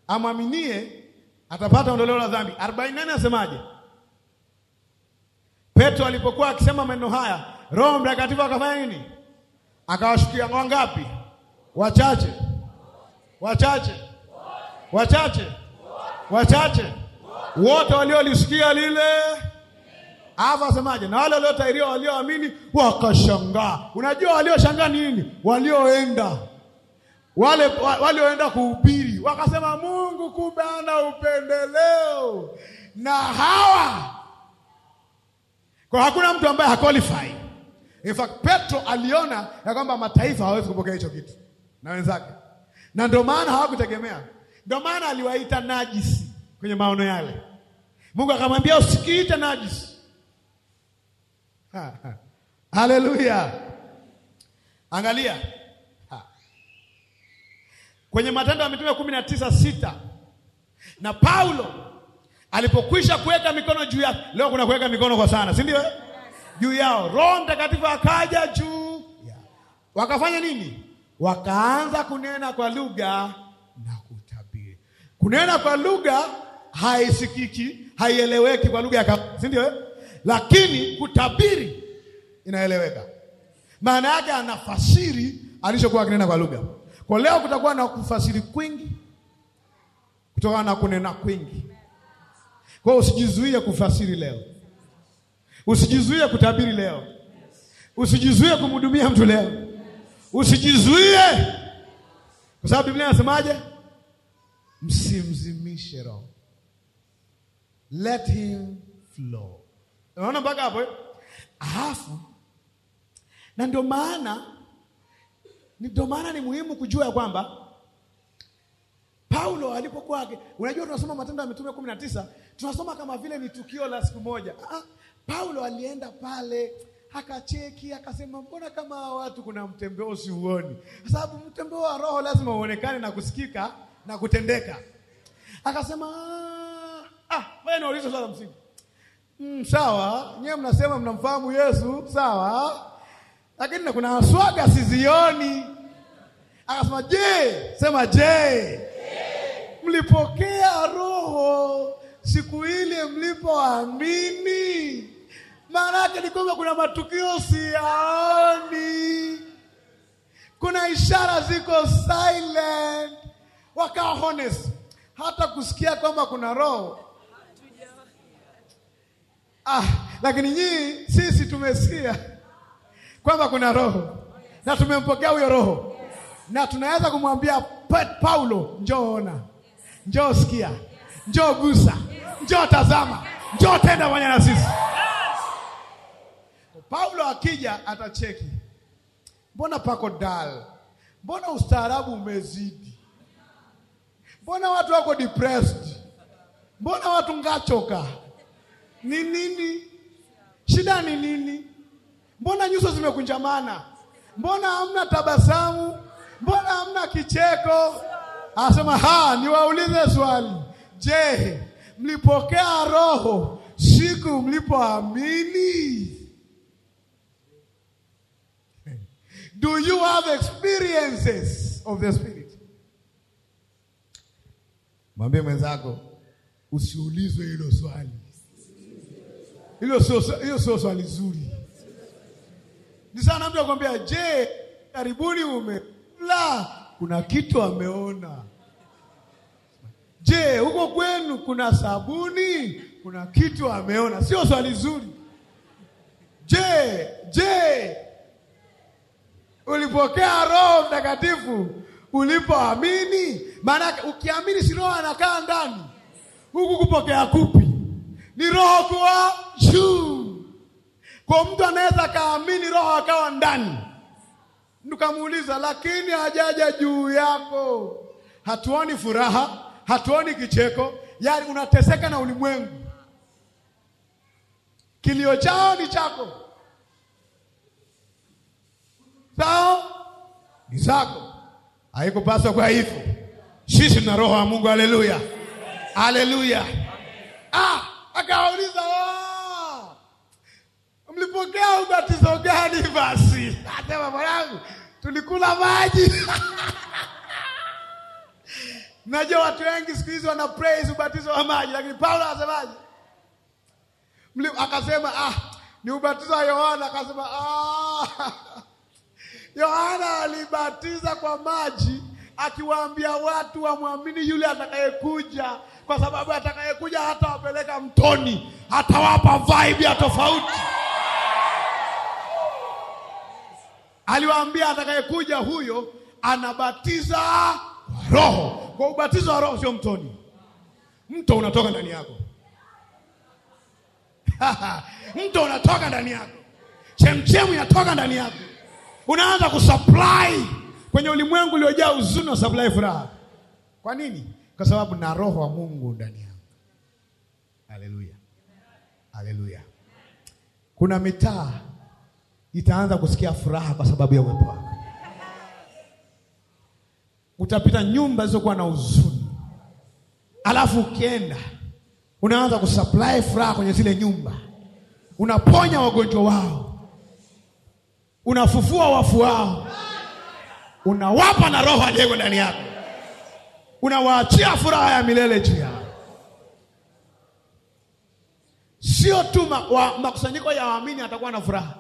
amwaminie atapata ondoleo la dhambi. arobaini nane asemaje? Petro alipokuwa akisema maneno haya, Roho Mtakatifu akafanya nini? Akawashukia wangapi? Wachache, wachache, wachache, wachache wote waliolisikia lile Alafu asemaje? Na wale waliotahiriwa walioamini wakashangaa. Unajua walioshangaa nini? Walioenda wale walioenda kuhubiri wakasema, Mungu kumbe ana upendeleo na hawa. Kwa hakuna mtu ambaye haqualify. In fact, Petro aliona ya kwamba mataifa hawezi kupokea hicho kitu na wenzake, na ndio maana hawakutegemea, ndio maana aliwaita najisi kwenye maono yale. Mungu akamwambia usikiite najisi. Haleluya! Angalia ha. Kwenye Matendo ya Mitume kumi na tisa sita na Paulo alipokwisha kuweka mikono juu yake. Leo kuna kuweka mikono kwa sana, si ndio? Juu yao Roho Mtakatifu akaja juu yeah. wakafanya nini? Wakaanza kunena kwa lugha na kutabiri. Kunena kwa lugha haisikiki, haieleweki kwa lugha ya si ndio? Eh? Lakini kutabiri inaeleweka. Maana yake anafasiri alichokuwa akinena kwa lugha. Kwa leo kutakuwa na kufasiri kwingi kutokana na kunena kwingi. Kwa hiyo usijizuie kufasiri leo, usijizuie kutabiri leo, usijizuie kumhudumia mtu leo, usijizuie kwa sababu Biblia inasemaje? Msimzimishe Roho. Let him flow. Unaona mpaka hapo? Eh? Alafu na ndio maana ndio maana ni muhimu kujua ya kwamba Paulo alipokuwa unajua, tunasoma Matendo ya Mitume kumi na tisa tunasoma kama vile ni tukio la siku moja. Ah, Paulo alienda pale akacheki akasema, mbona kama hawa watu kuna mtembeo siuoni? Kwa sababu mtembeo wa roho lazima uonekane na kusikika na kutendeka. Akasema Ah, wewe niulize msingi. Mm, sawa, nyewe mnasema mnamfahamu Yesu, sawa? Lakini na kuna swaga sizioni. Akasema, "Je, sema je. Mlipokea roho siku ile mlipoamini?" Maana yake ni kwamba kuna matukio siyaoni. Kuna ishara ziko silent. Wakawa honest. Hata kusikia kwamba kuna roho Ah, lakini nyinyi sisi tumesikia kwamba kuna roho na tumempokea huyo roho na tunaweza kumwambia Paulo, njoo ona, njoo sikia, njoo gusa, njoo tazama, njoo tenda pamoja na sisi. Paulo akija atacheki, mbona pako dal, mbona ustaarabu umezidi, mbona watu wako depressed, mbona watu ngachoka ni nini? Shida ni nini? Mbona nyuso zimekunjamana? Mbona hamna tabasamu? Mbona hamna kicheko? Anasema ha, niwaulize swali. Je, mlipokea roho siku mlipoamini? Do you have experiences of the spirit? Mwambie mwenzako usiulizwe hilo swali. Hilo sio swali zuri. Ni sana mtu akwambia, je, karibuni umekula? Kuna kitu ameona. Je, huko kwenu kuna sabuni? Kuna kitu ameona. Sio swali zuri. Je, je, ulipokea Roho Mtakatifu ulipoamini? Maana ukiamini, si Roho anakaa ndani. Huku kupokea kupi? ni roho kuwa juu. Kwa mtu anaweza kaamini roho akawa ndani, tukamuuliza lakini hajaja juu yako, hatuoni furaha, hatuoni kicheko, yaani unateseka na ulimwengu, kilio chao ni chako, sawa ni zako, haikupaswa. Kwa hivyo sisi tuna roho wa Mungu. Haleluya, haleluya, ah akawauliza oh, mlipokea ubatizo gani? Basi asema mwanangu, tulikula maji. Najua watu wengi siku hizi wana praise ubatizo wa maji, lakini Paulo asemaje? Akasema ah, ni ubatizo wa Yohana. Akasema ah, Yohana alibatiza kwa maji akiwaambia watu wamwamini yule atakayekuja, kwa sababu atakayekuja hata wapeleka mtoni, atawapa vibe ya tofauti. Aliwaambia atakayekuja huyo anabatiza Roho. Kwa ubatizo wa Roho sio mtoni, mto unatoka ndani yako mto unatoka ndani yako, chemchemu inatoka ndani yako, unaanza kusupply kwenye ulimwengu uliojaa huzuni usaplae furaha. Kwa nini? Kwa sababu na roho wa Mungu ndani yangu. Haleluya, haleluya. Kuna mitaa itaanza kusikia furaha kwa sababu ya uwepo wako. Utapita nyumba zilizokuwa na huzuni, alafu ukienda unaanza kusupply furaha kwenye zile nyumba, unaponya wagonjwa wao, unafufua wafu wao unawapa na roho aliyeko ndani yako, unawaachia furaha ya milele juu yao. Sio tu makusanyiko ya waamini atakuwa na furaha,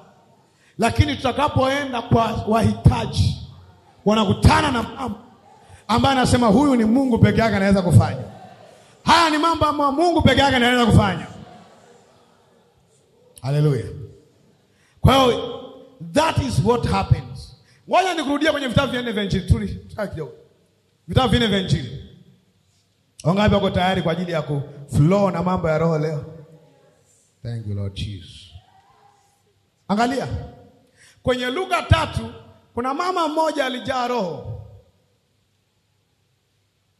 lakini tutakapoenda kwa wahitaji, wanakutana na mambo ambaye anasema huyu ni Mungu peke yake anaweza kufanya haya. Ni mambo ambayo Mungu peke yake anaweza kufanya. Haleluya! Kwa hiyo that is what happened. Ngoja nikurudia kwenye vitabu vinne vya Injili. Tuli kidogo. Vitabu vinne vya Injili. Wangapi wako tayari kwa ajili ya ku flow na mambo ya roho leo? Thank you Lord Jesus. Angalia. Kwenye Luka tatu kuna mama mmoja alijaa roho.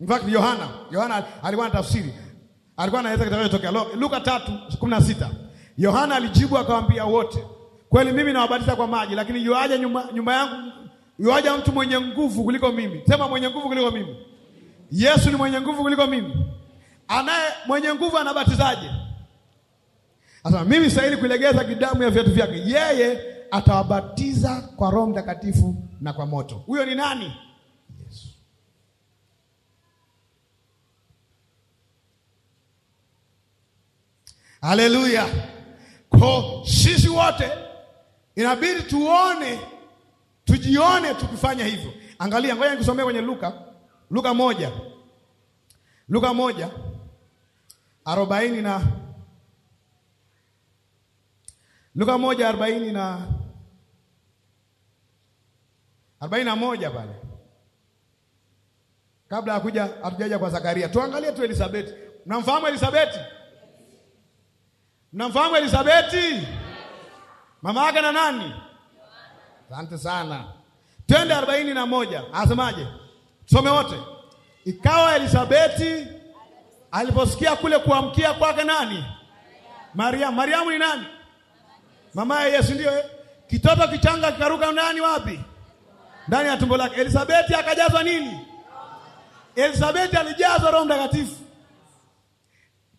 In fact Yohana, Yohana alikuwa na tafsiri. Alikuwa analeta kitakachotokea. Luka 3:16. Yohana alijibu akamwambia wote, "Kweli mimi nawabatiza kwa maji, lakini yuaja nyuma, nyuma yangu Yuaja mtu mwenye nguvu kuliko mimi. Sema mwenye nguvu kuliko mimi. Yesu ni mwenye nguvu kuliko mimi. Anaye mwenye nguvu anabatizaje? Sasa mimi sahili kuilegeza kidamu ya viatu vyake. Yeye atawabatiza kwa Roho Mtakatifu na kwa moto. Huyo ni nani? Yesu. Haleluya. Kwa sisi wote inabidi tuone tujione tukifanya hivyo. Angalia, ngoja nikusomee kwenye Luka, Luka moja, Luka moja arobaini na Luka moja arobaini na arobaini na moja pale kabla ya kuja hatujaja kwa Zakaria, tuangalie tu Elisabeti. Mnamfahamu Elisabeti? Mnamfahamu Elisabeti? mama yake na nani? Asante sana. Twende arobaini na moja. Anasemaje? Some wote. Ikawa Elisabeti aliposikia kule kuamkia kwake nani? Mariamu. Mariamu ni nani? Mama ya Yesu ndio. Eh? Kitoto kichanga kikaruka ndani wapi? Ndani ya tumbo lake. Elisabeti akajazwa nini? Elisabeti alijazwa Roho Mtakatifu.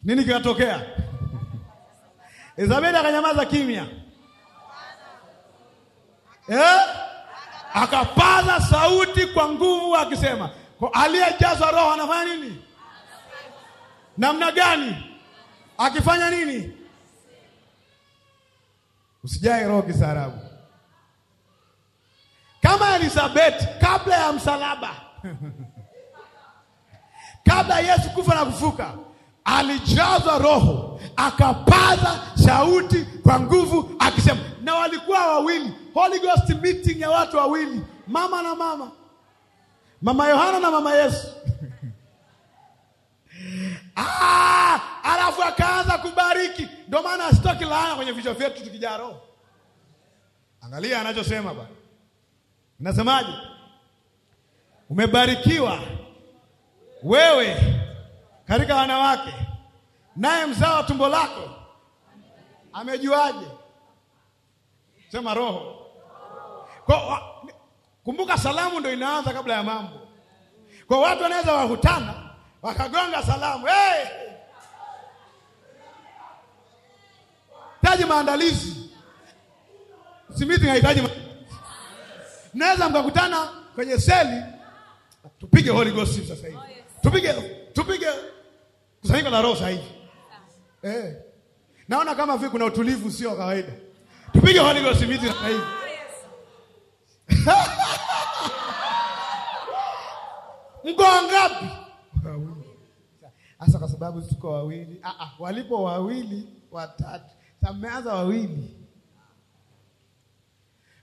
Nini kinatokea? Elisabeti akanyamaza kimya eh? Akapaza sauti kwa nguvu akisema, kwa aliyejazwa Roho anafanya nini? Namna gani? Akifanya nini? Usijai roho kisarabu. kama Elizabeth kabla ya msalaba, kabla Yesu kufa na kufuka alijaza Roho akapaza sauti kwa nguvu akisema, na walikuwa wawili, Holy Ghost meeting ya watu wawili, mama na mama, mama Yohana na mama Yesu. Ah, alafu akaanza kubariki. Ndio maana asitoki laana kwenye vichwa vyetu tukijaa Roho. Angalia anachosema Bwana, nasemaje? Umebarikiwa wewe katika wanawake, naye mzao wa tumbo lako amejuaje? Sema roho. Kwa kumbuka, salamu ndio inaanza kabla ya mambo. Kwa watu wanaweza wakutana wakagonga salamu, hey! taji maandalizi simiti haitaji mnaweza mkakutana kwenye seli, tupige Holy Ghost sasa hivi, tupige tupige sasa hivi roho sasa hivi. Eh. Naona kama vile kuna utulivu sio kawaida. Tupige hali kwa simiti sasa hivi. Mko ngapi? Sasa kwa sababu tuko wawili. Ah ah, walipo wawili watatu. tameanza wawili.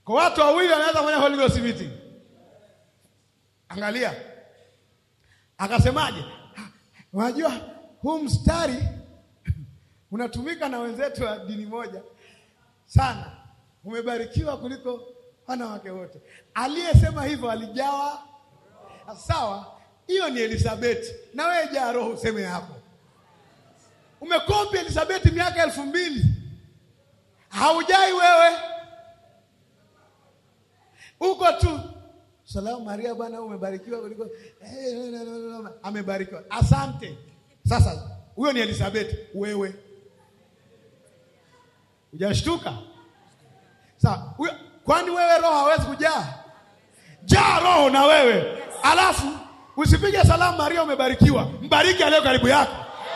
Kwa watu wawili wanaweza kufanya Holy Ghost meeting. Angalia. Akasemaje? Ah, unajua huu mstari unatumika na wenzetu wa dini moja sana. Umebarikiwa kuliko wanawake wote. Aliyesema hivyo alijawa sawa. Hiyo ni Elizabeti, na wewe jaa Roho useme hapo. Umekopi Elizabeti miaka elfu mbili haujai wewe, uko tu salamu Maria, Bwana umebarikiwa kuliko eh, amebarikiwa. Asante. Sasa huyo ni Elizabeth, wewe ujashtuka? Sasa huyo, kwani wewe roho hawezi kujaa? Jaa roho na wewe, alafu usipige salamu Maria umebarikiwa. Mbariki aliye karibu yako,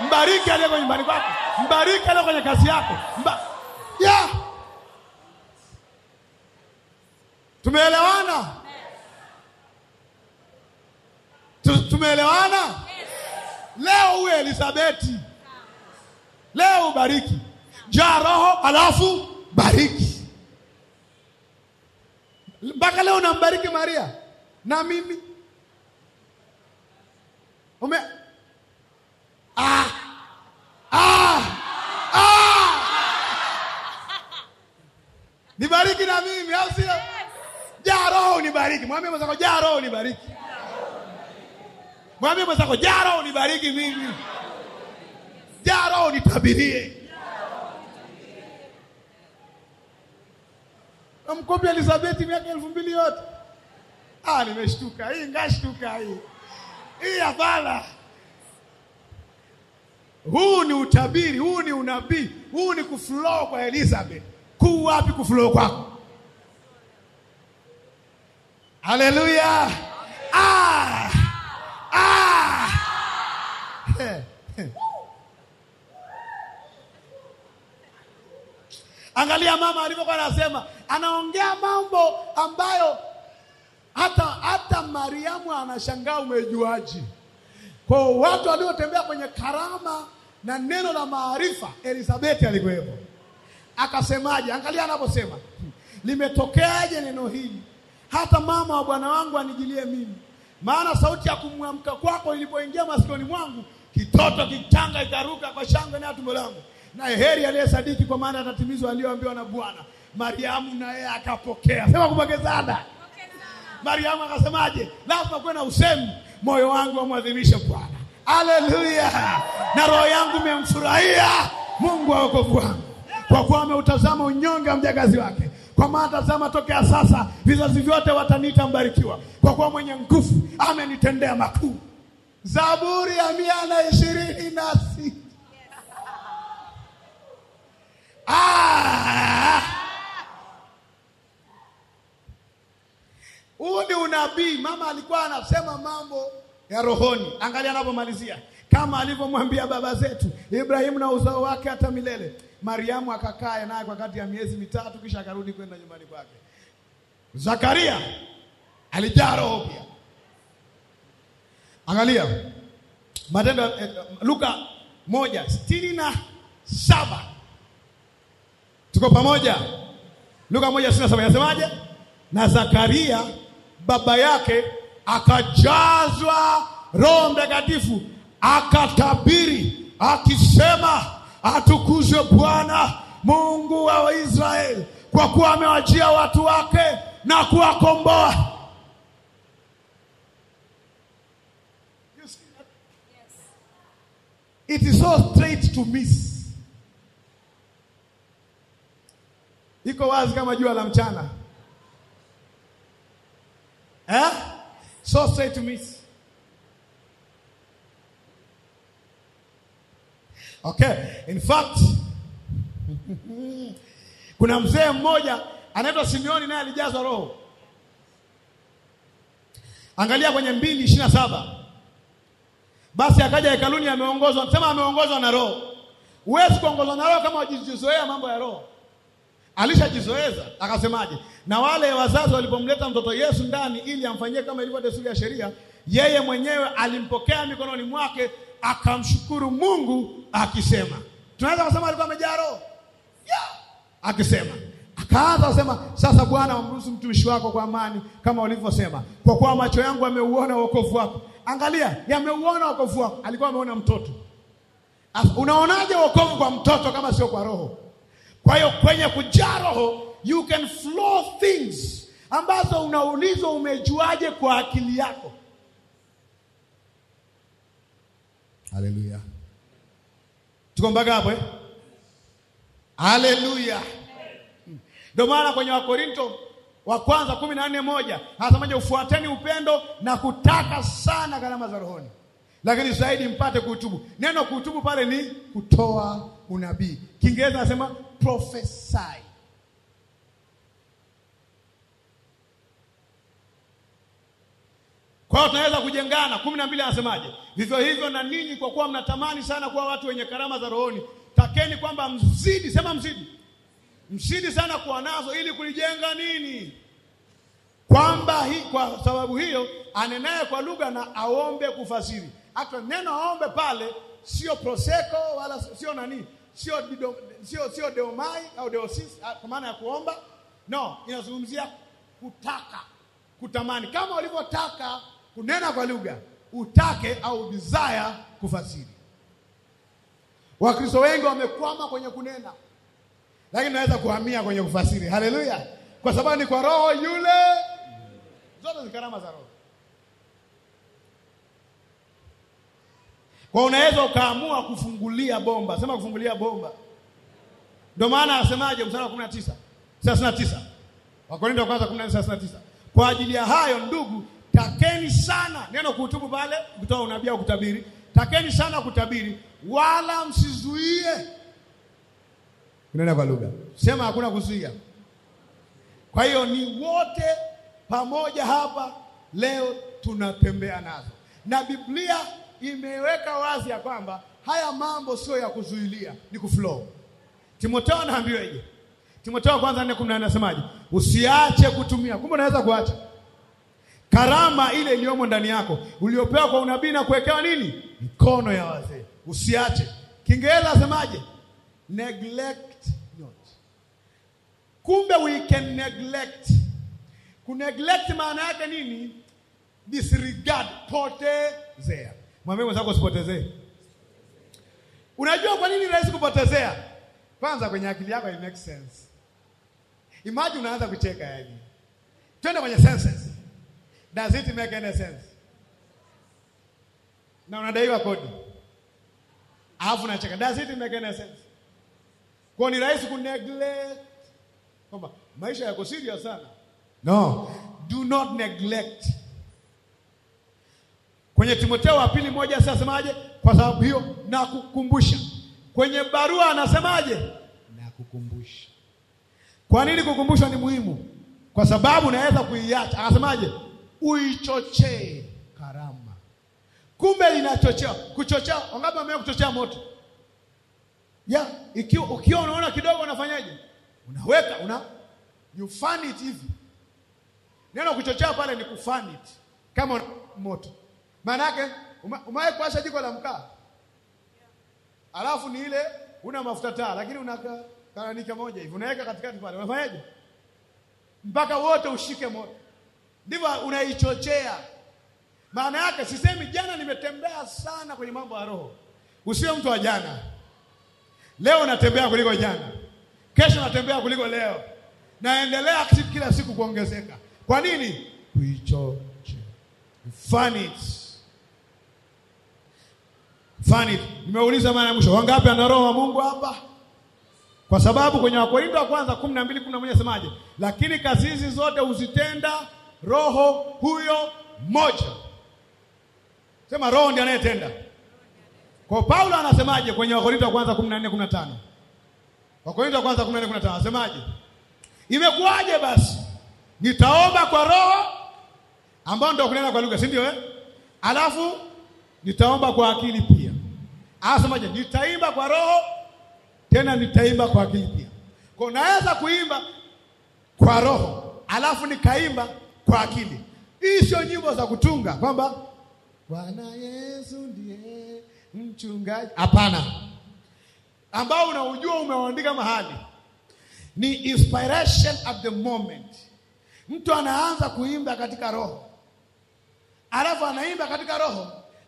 mbariki aliye kwenye nyumbani kwako, mbariki aliye kwenye kazi yako Mba... yeah. Tumeelewana? Tumeelewana? Leo uwe Elizabeti, leo ubariki, jaa Roho alafu bariki. Mpaka leo unambariki Maria na mimi ume ah. Ah. Ah. nibariki na mimi au sio? Yes. Jaa Roho nibariki mwambie mwenzako jaa Roho Yes. Mwambie mwenzako, jaro unibariki mimi, jaro unitabirie. Namkopi Elizabeti miaka elfu mbili yote. Ah, nimeshtuka hii, ngashtuka hii hii, hapana. Huu ni utabiri, huu ni unabii, huu ni kuflow kwa Elizabeth. Kuu wapi kuflow kwako? Haleluya! Ah! Ah! Angalia mama alivyokuwa anasema, anaongea mambo ambayo hata hata Mariamu anashangaa umejuaje? Kwa watu waliotembea kwenye karama na neno la maarifa, Elizabeth alikuwepo. Akasemaje? Angalia anaposema, hmm, limetokeaje neno hili hata mama wa bwana wangu anijilie mimi maana sauti ya kumwamka kwako ilipoingia masikioni mwangu, kitoto kichanga ikaruka kwa shangwe na tumbo langu. Naye heri aliyesadiki, kwa maana atatimizwa aliyoambiwa na Bwana. Mariamu naye akapokea. Sema kupokezana. Mariamu akasemaje? Lazima kuwe na usemi, moyo wangu wamwadhimishe Bwana, aleluya, na roho yangu imemfurahia Mungu wa wokovu wangu, kwa kuwa ameutazama unyonge wa mjakazi wake kwa maana tazama, tokea sasa vizazi vyote wataniita mbarikiwa, kwa kuwa mwenye nguvu amenitendea makuu. Zaburi ya mia na ishirini na sita. Ah! Huu ni unabii. Mama alikuwa anasema mambo ya rohoni. Angalia anavyomalizia kama alivyomwambia baba zetu Ibrahimu na uzao wake hata milele Mariamu akakaa naye kwa kati ya miezi mitatu, kisha akarudi kwenda nyumbani kwake. Zakaria alijaa roho pia. Angalia Matendo eh, Luka moja sitini na saba tuko pamoja? Luka moja sitini na saba inasemaje? Na Zakaria baba yake akajazwa Roho Mtakatifu akatabiri akisema atukuzwe Bwana Mungu wa Israeli, kwa kuwa amewajia watu wake na kuwakomboa. It is so straight to miss. Iko wazi kama jua la mchana eh? So straight to miss. Okay. In fact kuna mzee mmoja anaitwa Simeoni naye alijazwa roho. Angalia kwenye mbili ishirini na saba. Basi akaja hekaluni ameongozwa, sema ameongozwa na roho. Huwezi kuongozwa na roho kama hujizoea mambo ya roho. Alishajizoeza, akasemaje? Na wale wazazi walipomleta mtoto Yesu ndani ili amfanyie kama ilivyo desturi ya sheria, yeye mwenyewe alimpokea mikononi mwake akamshukuru Mungu akisema, tunaweza kusema alikuwa amejaa roho yeah. Akisema akaanza kusema, sasa Bwana amruhusu mtumishi wako kwa amani kama ulivyosema, kwa kuwa macho yangu yameuona wokovu wako. Angalia, yameuona wokovu wako. Alikuwa ameona mtoto. Unaonaje wokovu kwa mtoto kama sio kwa roho? Kwa hiyo kwenye kujaa roho you can flow things ambazo unaulizwa umejuaje kwa akili yako Haleluya. Tuko mpaka hapo eh? Haleluya. Ndio maana kwenye Wakorinto wa kwanza kumi na nne moja anasemaje? Ufuateni upendo na kutaka sana gharama za rohoni, lakini zaidi mpate kuhutubu. Neno kuhutubu pale ni kutoa unabii, Kiingereza anasema prophesy Kwa hiyo tunaweza kujengana. kumi na mbili anasemaje? Vivyo hivyo na ninyi, kwa kuwa mnatamani sana kuwa watu wenye karama za rohoni, takeni kwamba mzidi, sema mzidi, mzidi sana kuwa nazo, ili kulijenga nini? Kwamba hi, kwa sababu hiyo anenaye kwa lugha na aombe kufasiri. Hata neno aombe pale sio proseko wala sio nani, sio sio sio deomai au deosis, ah, kwa maana ya kuomba no, inazungumzia kutaka, kutamani kama ulivyotaka kunena kwa lugha utake au desire kufasiri. Wakristo wengi wamekwama kwenye kunena, lakini naweza kuhamia kwenye kufasiri. Haleluya! Kwa sababu ni kwa roho yule, zote ni karama za roho. Kwa unaweza ukaamua kufungulia bomba, sema kufungulia bomba. Ndio maana anasemaje mstari wa 19 39 Wakorintho wa kwanza 19:39 kwa ajili ya hayo ndugu takeni sana neno kuhutubu pale, kutoa unabii kutabiri. Takeni sana kutabiri, wala msizuie kunena kwa lugha. Sema hakuna kuzuia. Kwa hiyo ni wote pamoja hapa leo tunatembea nazo, na Biblia imeweka wazi ya kwamba haya mambo sio ya kuzuilia, ni kuflow. Timotheo hivi Timotheo kwanza 4:10 anasemaje? Usiache kutumia. Kumbe unaweza kuacha karama ile iliyomo ndani yako uliopewa kwa unabii na kuwekewa nini, mikono ya wazee, usiache. Kiingereza asemaje? Neglect not. Kumbe we can neglect. neglect maana yake nini? Disregard, potezea. Mwambie mwenzako usipotezee. Unajua kwa nini rahisi kupotezea? Kwanza kwenye akili yako it makes sense. Imagine unaanza kucheka yani. Twende kwenye senses. Does it make any sense? Na unadaiwa kodi alafu nacheka. Does it make any sense? Kwa ni rahisi ku neglect kwamba maisha yako serious sana. No, do not neglect. Kwenye Timotheo wa pili moja asemaje? Kwa sababu hiyo nakukumbusha. Kwenye barua anasemaje? Nakukumbusha. Kwa nini kukumbushwa ni muhimu? Kwa sababu naweza kuiacha. Anasemaje? uichochee karama. Kumbe inachochea kuchochea. Wangapi wamewahi kuchochea moto? ya ikiwa ukiwa unaona kidogo unafanyaje? Unaweka una you fan it hivi. Neno kuchochea pale ni kufan it kama moto. Maana yake umewahi kuwasha jiko la mkaa. Alafu ni ile una mafuta taa lakini una karani moja hivi unaweka katikati pale. Unafanyaje? Mpaka wote ushike moto ndivyo unaichochea. Maana yake sisemi jana nimetembea sana kwenye mambo ya roho. Usiwe mtu wa jana. Leo unatembea kuliko jana, kesho unatembea kuliko leo, naendelea kila siku kuongezeka. Kwa nini? Kuichoche Fun it. nimeuliza mara ya mwisho, wangapi ana roho wa Mungu hapa? Kwa sababu kwenye wakorinto wa kwanza 12:11 nasemaje? Lakini kazi hizi zote huzitenda roho huyo moja. Sema roho ndiye anayetenda. Kwa Paulo anasemaje kwenye Wakorinto wa kwanza 14:15? Wakorinto wa kwanza 14:15 anasemaje? Imekuwaje basi? Nitaomba kwa roho ambao ndio kunena kwa lugha, si ndio eh? Alafu nitaomba kwa akili pia. Anasemaje? Nitaimba kwa roho tena nitaimba kwa akili pia. Kwa naweza kuimba kwa roho alafu nikaimba kwa akili. Hii sio nyimbo za kutunga kwamba Bwana Yesu ndiye mchungaji. Hapana, ambao unaujua umeandika mahali ni inspiration at the moment. Mtu anaanza kuimba katika roho, alafu anaimba katika roho,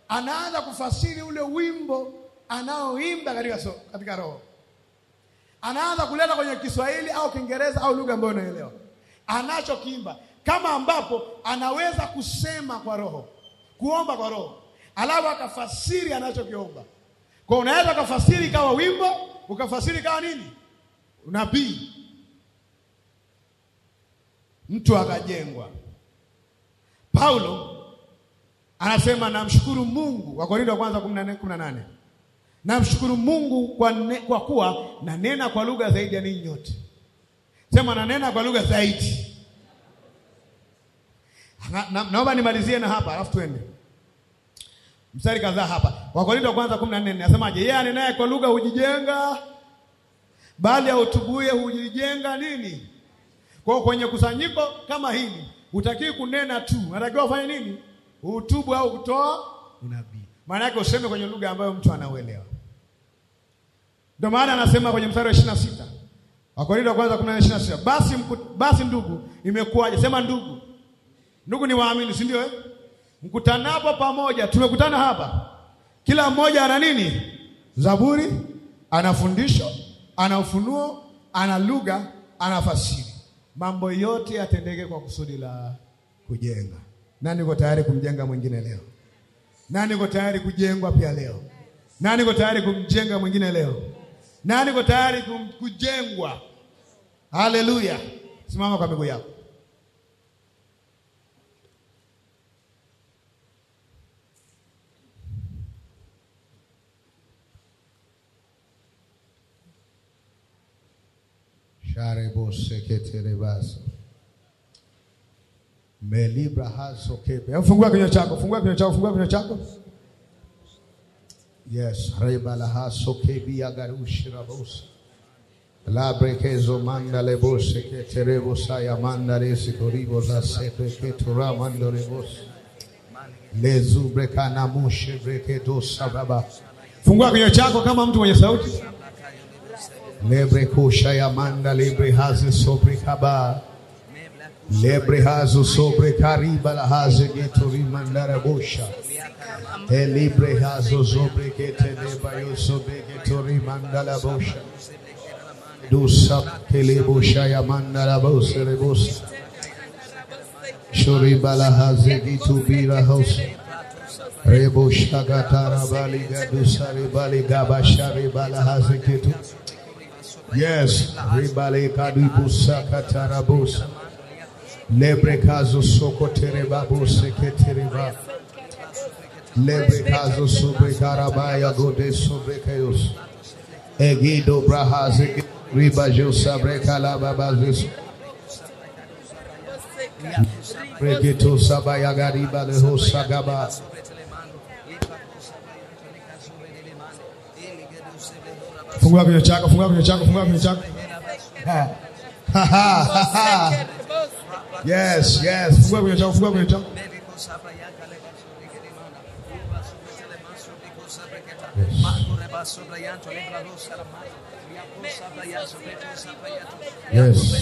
anaanza kufasiri ule wimbo anaoimba katika, so, katika roho, anaanza kuleta kwenye Kiswahili au Kiingereza au lugha ambayo unaelewa anachokiimba kama ambapo anaweza kusema kwa roho, kuomba kwa roho, alafu akafasiri anachokiomba. Kwa unaweza ukafasiri kawa wimbo, ukafasiri kawa nini, unabii, mtu akajengwa. Paulo anasema namshukuru Mungu, Wakorintho wa kwanza 14:18 namshukuru Mungu kwa, ne, kwa kuwa nanena kwa lugha zaidi ya ninyi nyote. Sema nanena kwa lugha zaidi na, na, naomba nimalizie na hapa alafu tuende mstari kadhaa hapa. Wakorintho wa kwanza 14 nasemaje? Yeye anenaye kwa lugha hujijenga, bali autubuye hujijenga nini? Kwa kwenye kusanyiko kama hili utakii kunena tu, unatakiwa ufanye nini? Utubu au kutoa unabii, maana yake useme kwenye lugha ambayo mtu anauelewa. Ndio maana anasema kwenye mstari wa 26 Wakorintho wa kwanza 14:26, basi, basi ndugu, imekuwaje? Sema ndugu Ndugu ni waamini, si ndio eh? Mkutanapo pamoja, tumekutana hapa, kila mmoja ana nini? Zaburi, ana fundisho, ana ufunuo, ana lugha, ana fasiri. Mambo yote yatendeke kwa kusudi la kujenga. Nani uko tayari kumjenga mwingine leo? Nani uko tayari kujengwa pia leo? Nani uko tayari kumjenga mwingine leo? Nani uko tayari kujengwa? Haleluya! Simama kwa miguu yako. Fungua kinywa chako, fungua kinywa chako, fungua kinywa chako. Yes, labrekezo mandalebose keterebosaya mandaresikoribozasepeketura mandorebose lezubrekanamushe brekedosababa. Fungua kinywa chako kama mtu mwenye sauti. Lebrekoshayamanda sobre sobrekaba. Lebrehazo sobrekariba lahaze getori mandara bosha. Elibrehazo sobrekete debayo sobreketori mandala Busha Dusa keleboshayamanda labose rebosa. Shuri balahaze gitu bira house. Rebo shagatara Gadusari Bali Gabashari bashare balahaze gitu. Yes. Ribale kadibu sakatarabus. Lebrekazo sokoterebabu seketereba. Lebrekazo sobrekarabaya gode sobrekayos. Egido brahaze ribajo sabrekalababazes. Regeto sabayagariba leho sagaba. Fungua kinywa chako, fungua kinywa chako, fungua kinywa chako. Yes, yes. Fungua kinywa chako, fungua kinywa chako. Yes. yes.